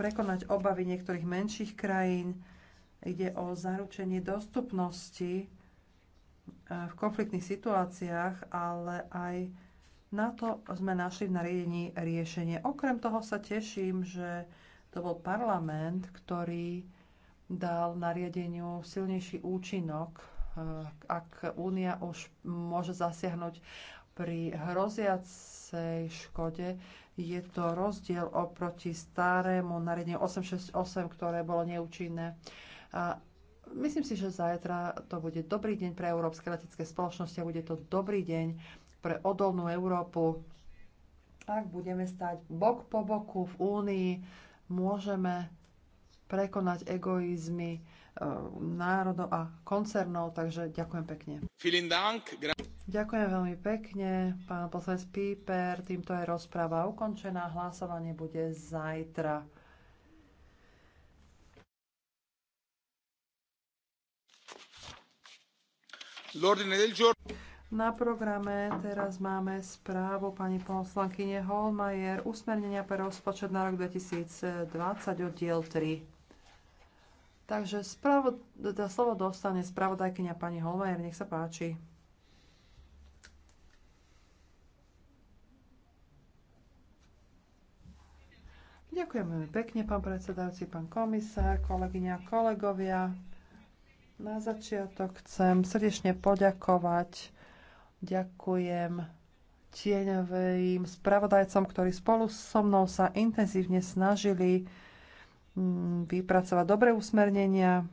prekonať obavy niektorých menších krajín Ide o zaručenie dostupnosti e, v konfliktných situáciách, ale aj na to sme našli v nariadení riešenie. Okrem toho sa teším, že to bol parlament, ktorý dal nariadeniu silnejší účinok, e, ak Únia už môže zasiahnuť pri hroziacej škode. Je to rozdiel oproti starému nariadeniu 868, ktoré bolo neúčinné. A myslím si, že zajtra to bude dobrý deň pre európske letecké spoločnosti a bude to dobrý deň pre odolnú Európu. Ak budeme stať bok po boku v Únii, môžeme prekonať egoizmy e, národov a koncernov, takže ďakujem pekne. Ďakujem veľmi pekne, pán poslanec Píper, týmto je rozpráva ukončená, hlasovanie bude zajtra. Na programe teraz máme správu pani poslankyne Holmajer usmernenia pre rozpočet na rok 2020 oddiel 3. Takže spravo, teda slovo dostane spravodajkynia pani Holmajer, nech sa páči. Ďakujem veľmi pekne, pán predsedajúci, pán komisár, kolegyňa, kolegovia. Na začiatok chcem srdečne poďakovať. Ďakujem tieňovým spravodajcom, ktorí spolu so mnou sa intenzívne snažili mm, vypracovať dobré usmernenia,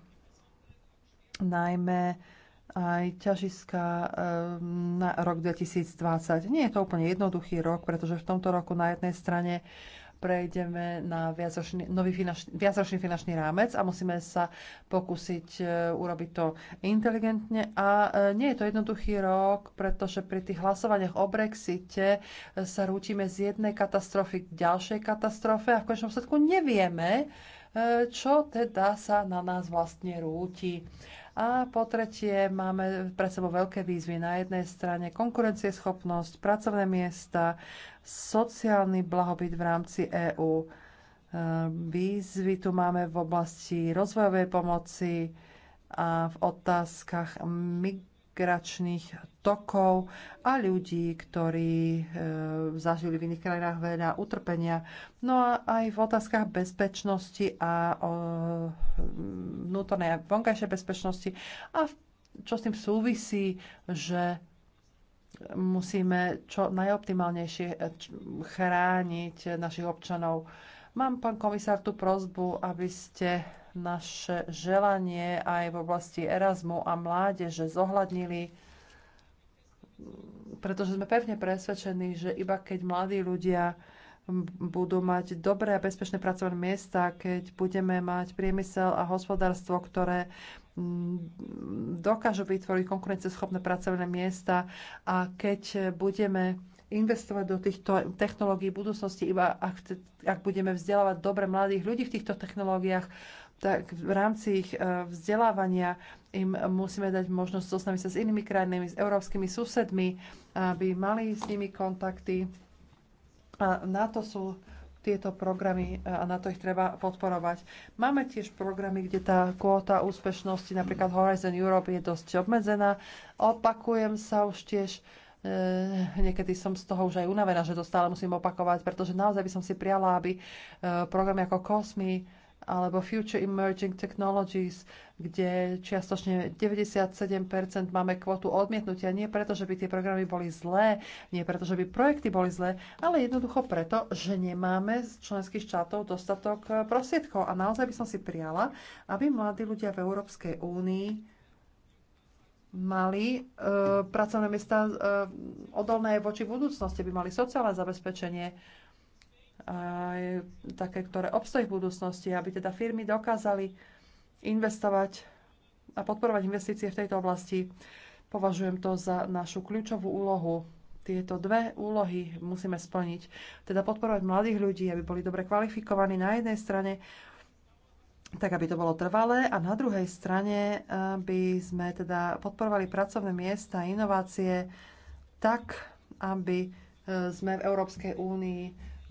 najmä aj ťažiska ehm, na rok 2020. Nie je to úplne jednoduchý rok, pretože v tomto roku na jednej strane prejdeme na viacročný, nový finančný, viacročný finančný rámec a musíme sa pokúsiť e, urobiť to inteligentne. A e, nie je to jednoduchý rok, pretože pri tých hlasovaniach o Brexite e, sa rútime z jednej katastrofy k ďalšej katastrofe a v konečnom sledku nevieme, čo teda sa na nás vlastne rúti. A po tretie, máme pred sebou veľké výzvy. Na jednej strane konkurencieschopnosť, pracovné miesta, sociálny blahobyt v rámci EÚ. Ehm, výzvy tu máme v oblasti rozvojovej pomoci a v otázkach migračných tokov a ľudí, ktorí ehm, zažili v iných krajinách veľa utrpenia. No a aj v otázkach bezpečnosti a vnútornej a vonkajšej bezpečnosti a v čo s tým súvisí, že musíme čo najoptimálnejšie eh, chrániť našich občanov. Mám, pán komisár, tú prozbu, aby ste naše želanie aj v oblasti Erasmu a mládeže zohľadnili, pretože sme pevne presvedčení, že iba keď mladí ľudia budú mať dobré a bezpečné pracovné miesta, keď budeme mať priemysel a hospodárstvo, ktoré dokážu vytvoriť konkurenceschopné pracovné miesta a keď budeme investovať do týchto technológií v budúcnosti, iba ak, ak budeme vzdelávať dobre mladých ľudí v týchto technológiách, tak v rámci ich e, vzdelávania im musíme dať možnosť zoznámiť sa s inými krajinami, s európskymi susedmi, aby mali s nimi kontakty. A na to sú tieto programy e, a na to ich treba podporovať. Máme tiež programy, kde tá kvóta úspešnosti, napríklad Horizon Europe, je dosť obmedzená. Opakujem sa už tiež, e, niekedy som z toho už aj unavená, že to stále musím opakovať, pretože naozaj by som si priala, aby e, programy ako COSMI, alebo Future Emerging Technologies, kde čiastočne 97% máme kvotu odmietnutia. Nie preto, že by tie programy boli zlé, nie preto, že by projekty boli zlé, ale jednoducho preto, že nemáme z členských štátov dostatok e, prosiedkov. A naozaj by som si prijala, aby mladí ľudia v Európskej únii mali e, pracovné miesta e, odolné voči budúcnosti, by mali sociálne zabezpečenie, aj také, ktoré obstojí v budúcnosti, aby teda firmy dokázali investovať a podporovať investície v tejto oblasti. Považujem to za našu kľúčovú úlohu. Tieto dve úlohy musíme splniť. Teda podporovať mladých ľudí, aby boli dobre kvalifikovaní na jednej strane, tak aby to bolo trvalé a na druhej strane by sme teda podporovali pracovné miesta, a inovácie tak, aby e, sme v Európskej únii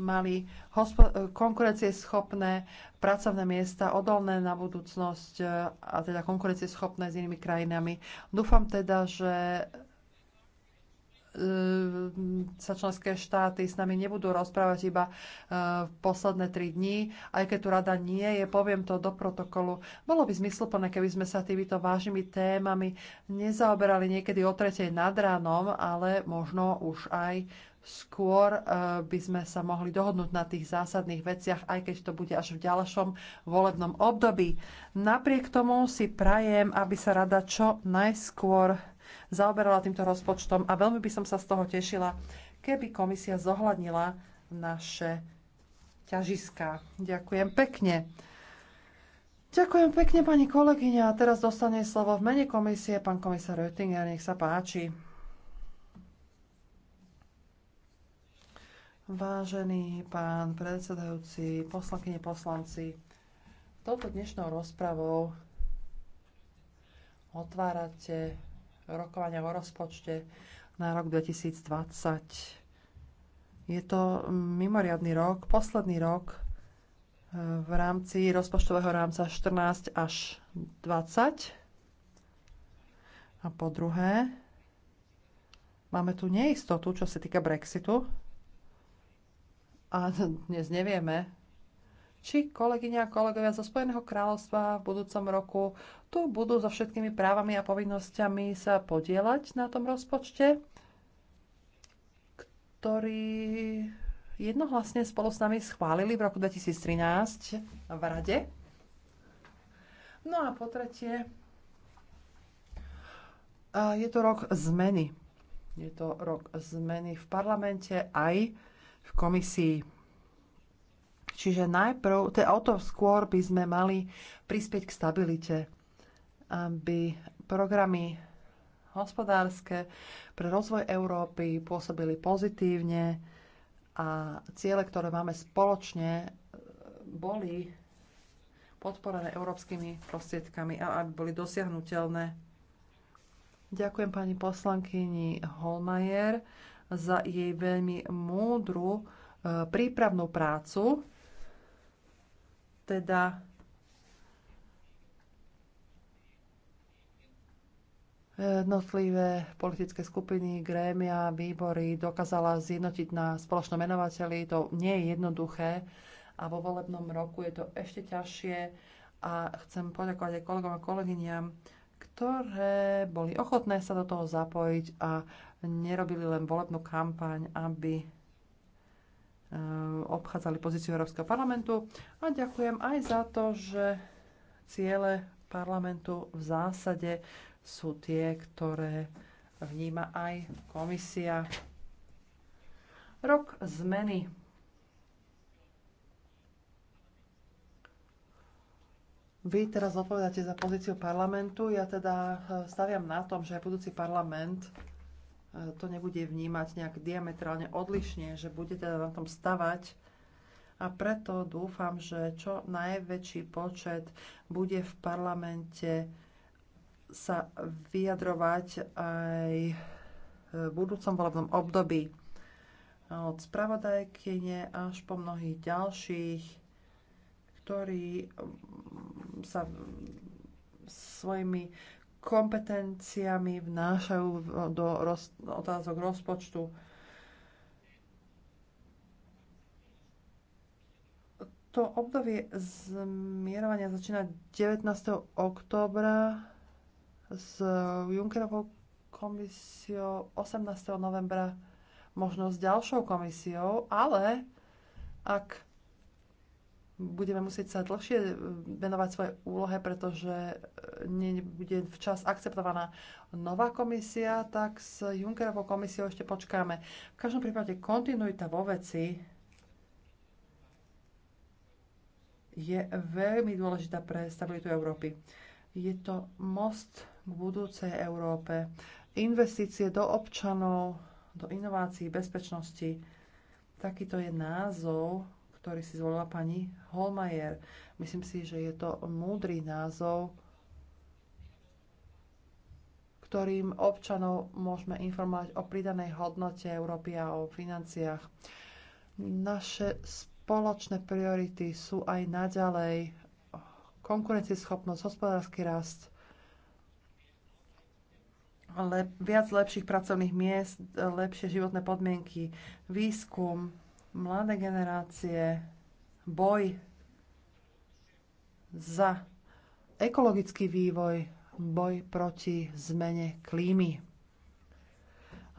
mali eh, konkurencieschopné pracovné miesta, odolné na budúcnosť eh, a teda konkurencieschopné s inými krajinami. Dúfam teda, že E, sa členské štáty s nami nebudú rozprávať iba e, posledné tri dní. Aj keď tu rada nie je, poviem to do protokolu. Bolo by zmysluplné, keby sme sa týmito vážnymi témami nezaoberali niekedy o tretej nad ránom, ale možno už aj skôr e, by sme sa mohli dohodnúť na tých zásadných veciach, aj keď to bude až v ďalšom volebnom období. Napriek tomu si prajem, aby sa rada čo najskôr zaoberala týmto rozpočtom a veľmi by som sa z toho tešila, keby komisia zohľadnila naše ťažiska. Ďakujem pekne. Ďakujem pekne, pani kolegyňa. A teraz dostane slovo v mene komisie pán komisár Oettinger. Nech sa páči. Vážený pán predsedajúci, poslankyne, poslanci, touto dnešnou rozpravou otvárate rokovania o rozpočte na rok 2020. Je to mimoriadný rok, posledný rok e, v rámci rozpočtového rámca 14 až 20. A po druhé, máme tu neistotu, čo sa týka Brexitu. A dnes nevieme, či kolegyňa a kolegovia zo Spojeného kráľovstva v budúcom roku tu budú so všetkými právami a povinnosťami sa podielať na tom rozpočte, ktorý jednohlasne spolu s nami schválili v roku 2013 v Rade. No a po tretie, je to rok zmeny. Je to rok zmeny v parlamente aj v komisii. Čiže najprv, to o to skôr by sme mali prispieť k stabilite, aby programy hospodárske pre rozvoj Európy pôsobili pozitívne a ciele, ktoré máme spoločne, boli podporené európskymi prostriedkami a aby boli dosiahnutelné. Ďakujem pani poslankyni Holmajer za jej veľmi múdru e, prípravnú prácu teda jednotlivé politické skupiny, grémia, výbory dokázala zjednotiť na spoločnom menovateli. To nie je jednoduché a vo volebnom roku je to ešte ťažšie a chcem poďakovať aj kolegom a kolegyňam, ktoré boli ochotné sa do toho zapojiť a nerobili len volebnú kampaň, aby Eh, obchádzali pozíciu Európskeho parlamentu. A ďakujem aj za to, že ciele parlamentu v zásade sú tie, ktoré vníma aj komisia. Rok zmeny. Vy teraz odpovedáte za pozíciu parlamentu. Ja teda eh, staviam na tom, že budúci parlament to nebude vnímať nejak diametrálne odlišne, že budete teda na tom stavať. A preto dúfam, že čo najväčší počet bude v parlamente sa vyjadrovať aj v budúcom volebnom období. Od spravodajkyne až po mnohých ďalších, ktorí sa svojimi kompetenciami vnášajú do roz, otázok rozpočtu. To obdobie zmierovania začína 19. októbra s Junckerovou komisiou 18. novembra možno s ďalšou komisiou, ale ak budeme musieť sa dlhšie eh, venovať svoje úlohe, pretože eh, nebude včas akceptovaná nová komisia, tak s Junckerovou komisiou ešte počkáme. V každom prípade kontinuita vo veci je veľmi dôležitá pre stabilitu Európy. Je to most k budúcej Európe. Investície do občanov, do inovácií, bezpečnosti. Takýto je názov ktorý si zvolila pani Holmajer. Myslím si, že je to múdry názov, ktorým občanov môžeme informovať o pridanej hodnote Európy a o financiách. Naše spoločné priority sú aj naďalej konkurencieschopnosť, hospodársky rast, ale viac lepších pracovných miest, lepšie životné podmienky, výskum, mladé generácie, boj za ekologický vývoj, boj proti zmene klímy.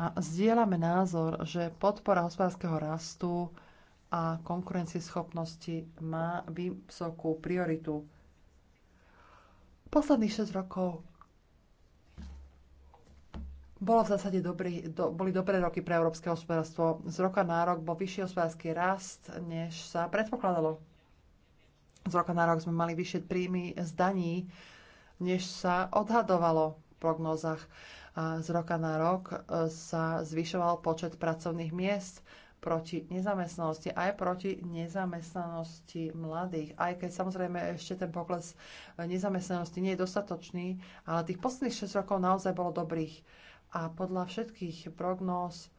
A zdieľame názor, že podpora hospodárskeho rastu a konkurencieschopnosti má vysokú prioritu. Posledných 6 rokov bolo v zásade dobrý, do, boli dobré roky pre európske hospodárstvo. Z roka na rok bol vyšší hospodársky rast, než sa predpokladalo. Z roka na rok sme mali vyššie príjmy z daní, než sa odhadovalo v prognozách. A z roka na rok e, sa zvyšoval počet pracovných miest proti nezamestnanosti, aj proti nezamestnanosti mladých. Aj keď samozrejme ešte ten pokles nezamestnanosti nie je dostatočný, ale tých posledných 6 rokov naozaj bolo dobrých a podľa všetkých prognóz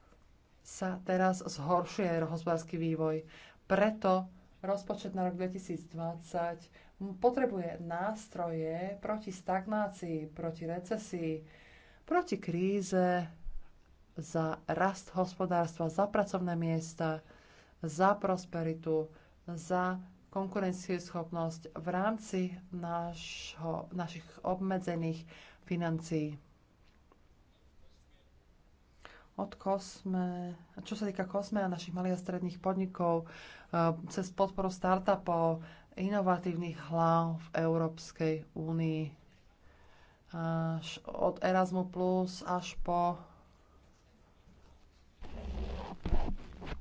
sa teraz zhoršuje hospodársky vývoj. Preto rozpočet na rok 2020 potrebuje nástroje proti stagnácii, proti recesii, proti kríze, za rast hospodárstva, za pracovné miesta, za prosperitu, za konkurencieschopnosť v rámci našho, našich obmedzených financií od Kosme, čo sa týka Kosme a našich malých a stredných podnikov, e, cez podporu startupov, inovatívnych hlav v Európskej únii. Až od Erasmu Plus až po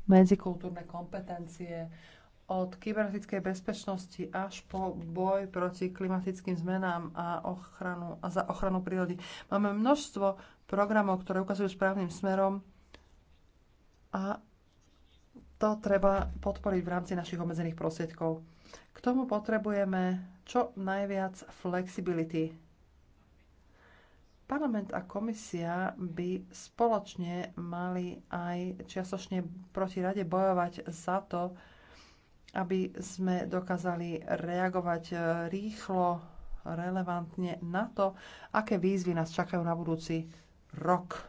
medzikultúrne kompetencie, od kybernetickej bezpečnosti až po boj proti klimatickým zmenám a, ochranu, a za ochranu prírody. Máme množstvo programov, ktoré ukazujú správnym smerom a to treba podporiť v rámci našich obmedzených prostriedkov. K tomu potrebujeme čo najviac flexibility. Parlament a komisia by spoločne mali aj čiastočne proti rade bojovať za to, aby sme dokázali reagovať e, rýchlo, relevantne na to, aké výzvy nás čakajú na budúci rok.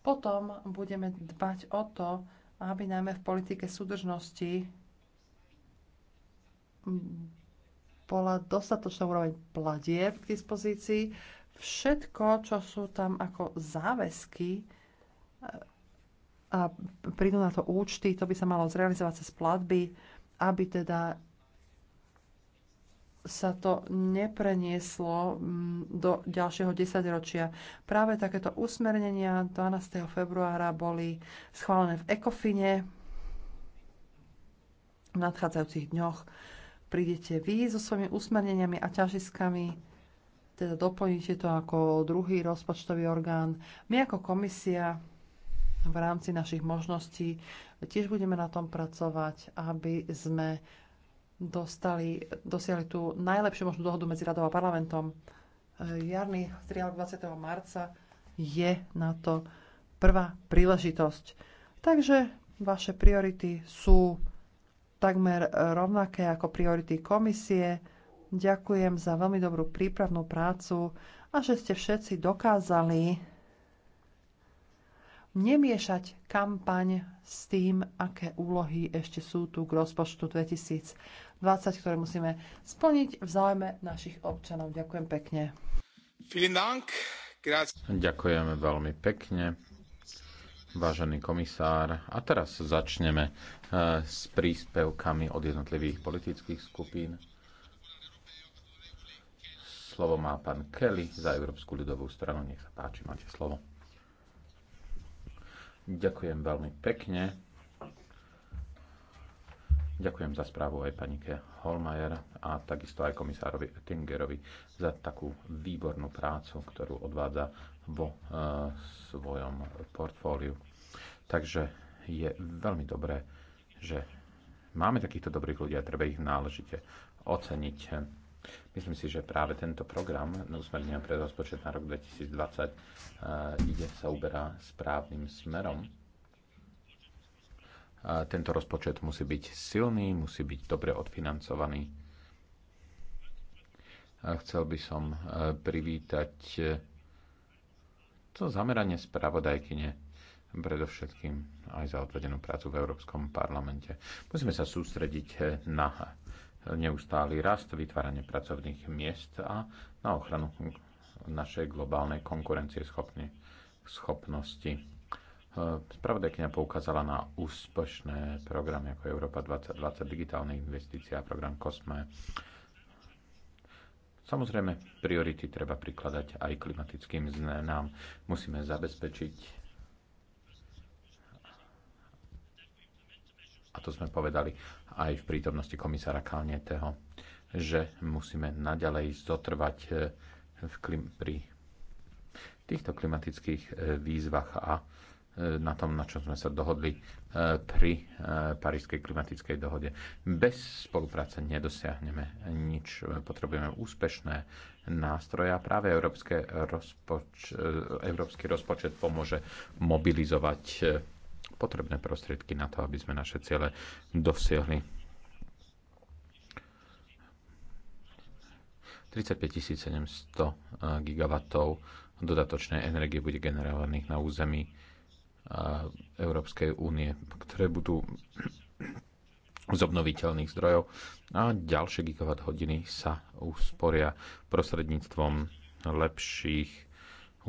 Potom budeme dbať o to, aby najmä v politike súdržnosti bola dostatočná úroveň pladieb k dispozícii. Všetko, čo sú tam ako záväzky a prídu na to účty, to by sa malo zrealizovať cez platby, aby teda sa to neprenieslo mm, do ďalšieho desaťročia. Práve takéto usmernenia 12. februára boli schválené v ekofine. V nadchádzajúcich dňoch prídete vy so svojimi usmerneniami a ťažiskami, teda doplníte to ako druhý rozpočtový orgán. My ako komisia v rámci našich možností tiež budeme na tom pracovať, aby sme dostali, dosiahli tú najlepšiu možnú dohodu medzi radou a parlamentom. E, jarný triál 20. marca je na to prvá príležitosť. Takže vaše priority sú takmer rovnaké ako priority komisie. Ďakujem za veľmi dobrú prípravnú prácu a že ste všetci dokázali nemiešať kampaň s tým, aké úlohy ešte sú tu k rozpočtu 2000. 20, ktoré musíme splniť v záujme našich občanov. Ďakujem pekne. Ďakujeme veľmi pekne, vážený komisár. A teraz začneme eh, s príspevkami od jednotlivých politických skupín. Slovo má pán Kelly za Európsku ľudovú stranu. Nech sa páči, máte slovo. Ďakujem veľmi pekne Ďakujem za správu aj panike Holmajer a takisto aj komisárovi Tingerovi za takú výbornú prácu, ktorú odvádza vo e, svojom portfóliu. Takže je veľmi dobré, že máme takýchto dobrých ľudí a treba ich náležite oceniť. Myslím si, že práve tento program na usmernenia pre rozpočet na rok 2020 e, ide sa uberá správnym smerom tento rozpočet musí byť silný, musí byť dobre odfinancovaný. Chcel by som e, privítať e, to zameranie spravodajkyne predovšetkým aj za odvedenú prácu v Európskom parlamente. Musíme sa sústrediť e, na neustály rast, vytváranie pracovných miest a na ochranu našej globálnej konkurencie schopnosti. Spravodajkňa poukázala na úspešné programy ako Európa 2020, digitálne investície a program COSME. Samozrejme, priority treba prikladať aj klimatickým zmenám. Musíme zabezpečiť a to sme povedali aj v prítomnosti komisára Kalnieteho, že musíme naďalej zotrvať eh, v klim- pri týchto klimatických eh, výzvach a E, na tom, na čo sme sa dohodli e, pri e, Parískej klimatickej dohode. Bez spolupráce nedosiahneme nič. Potrebujeme úspešné nástroje a práve európske rozpoč- európsky rozpočet pomôže mobilizovať potrebné prostriedky na to, aby sme naše ciele dosiahli. 35 700 gigawatov dodatočnej energie bude generovaných na území Európskej únie, ktoré budú z obnoviteľných zdrojov a ďalšie gigawatt hodiny sa usporia prostredníctvom lepších,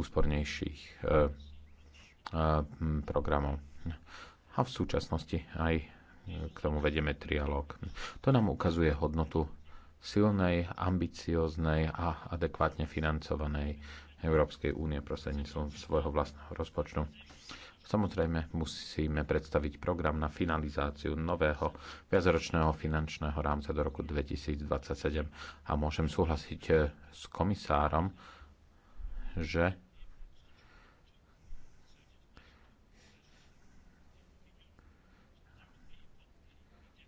úspornejších e, e, programov. A v súčasnosti aj k tomu vedieme trialóg. To nám ukazuje hodnotu silnej, ambicioznej a adekvátne financovanej Európskej únie prostredníctvom svojho vlastného rozpočtu. Samozrejme, musíme predstaviť program na finalizáciu nového viacročného finančného rámca do roku 2027 a môžem súhlasiť eh, s komisárom, že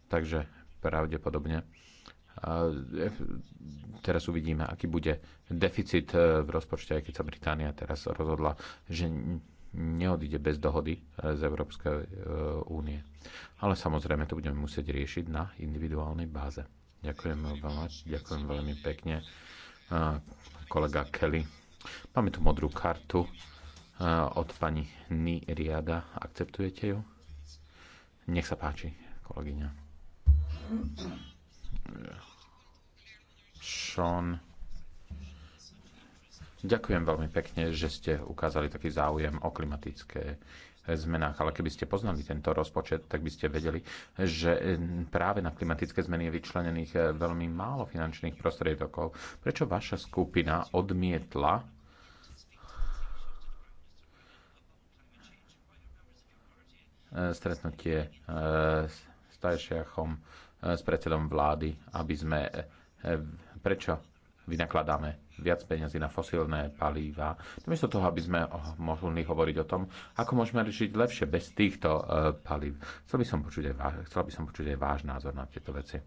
Takže pravdepodobne eh, eh, teraz uvidíme, aký bude deficit v rozpočte, aj keď sa Británia teraz rozhodla, že neodíde bez dohody eh, z Európskej eh, únie. Ale samozrejme to budeme musieť riešiť na individuálnej báze. Ďakujem veľmi, ďakujem veľmi pekne eh, kolega Kelly. Máme tu modrú kartu od pani Niriada. Akceptujete ju? Nech sa páči, kolegyňa. Sean. Ďakujem veľmi pekne, že ste ukázali taký záujem o klimatické zmenách, ale keby ste poznali tento rozpočet, tak by ste vedeli, že práve na klimatické zmeny je vyčlenených eh, veľmi málo finančných prostriedokov. Prečo vaša skupina odmietla eh, stretnutie eh, s Stajšiachom, s predsedom vlády, aby sme prečo vynakladáme viac peniazy na fosílne palíva, namiesto toho, aby sme mohli hovoriť o tom, ako môžeme riešiť lepšie bez týchto e, palív. Chcel by som počuť aj váš, chcel by som počuť aj váš názor na tieto veci.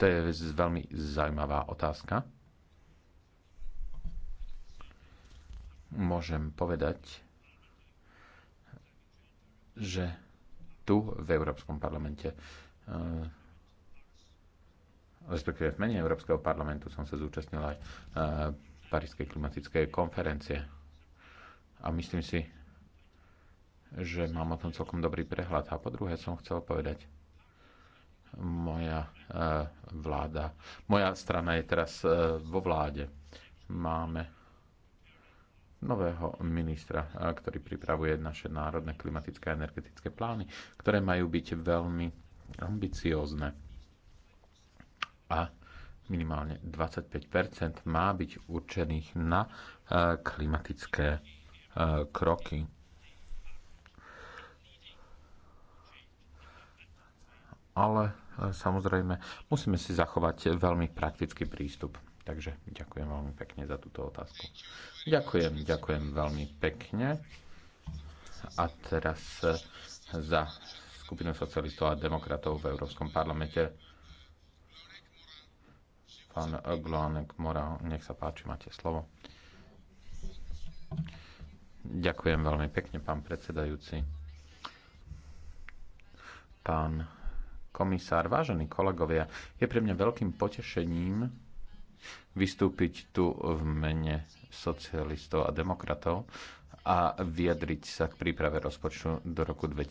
To je veľmi zaujímavá otázka. Môžem povedať, že tu v Európskom parlamente e, respektíve v mene Európskeho parlamentu som sa zúčastnil aj eh, Parískej klimatickej konferencie. A myslím si, že mám o tom celkom dobrý prehľad. A po druhé som chcel povedať, moja eh, vláda, moja strana je teraz eh, vo vláde. Máme nového ministra, ktorý pripravuje naše národné klimatické a energetické plány, ktoré majú byť veľmi ambiciózne a minimálne 25 má byť určených na e, klimatické e, kroky. Ale e, samozrejme musíme si zachovať veľmi praktický prístup. Takže ďakujem veľmi pekne za túto otázku. Ďakujem, ďakujem veľmi pekne. A teraz za skupinu socialistov a demokratov v Európskom parlamente Pán Glánek Mora, nech sa páči, máte slovo. Ďakujem veľmi pekne, pán predsedajúci. Pán komisár, vážení kolegovia, je pre mňa veľkým potešením vystúpiť tu v mene socialistov a demokratov a vyjadriť sa k príprave rozpočtu do roku 2020.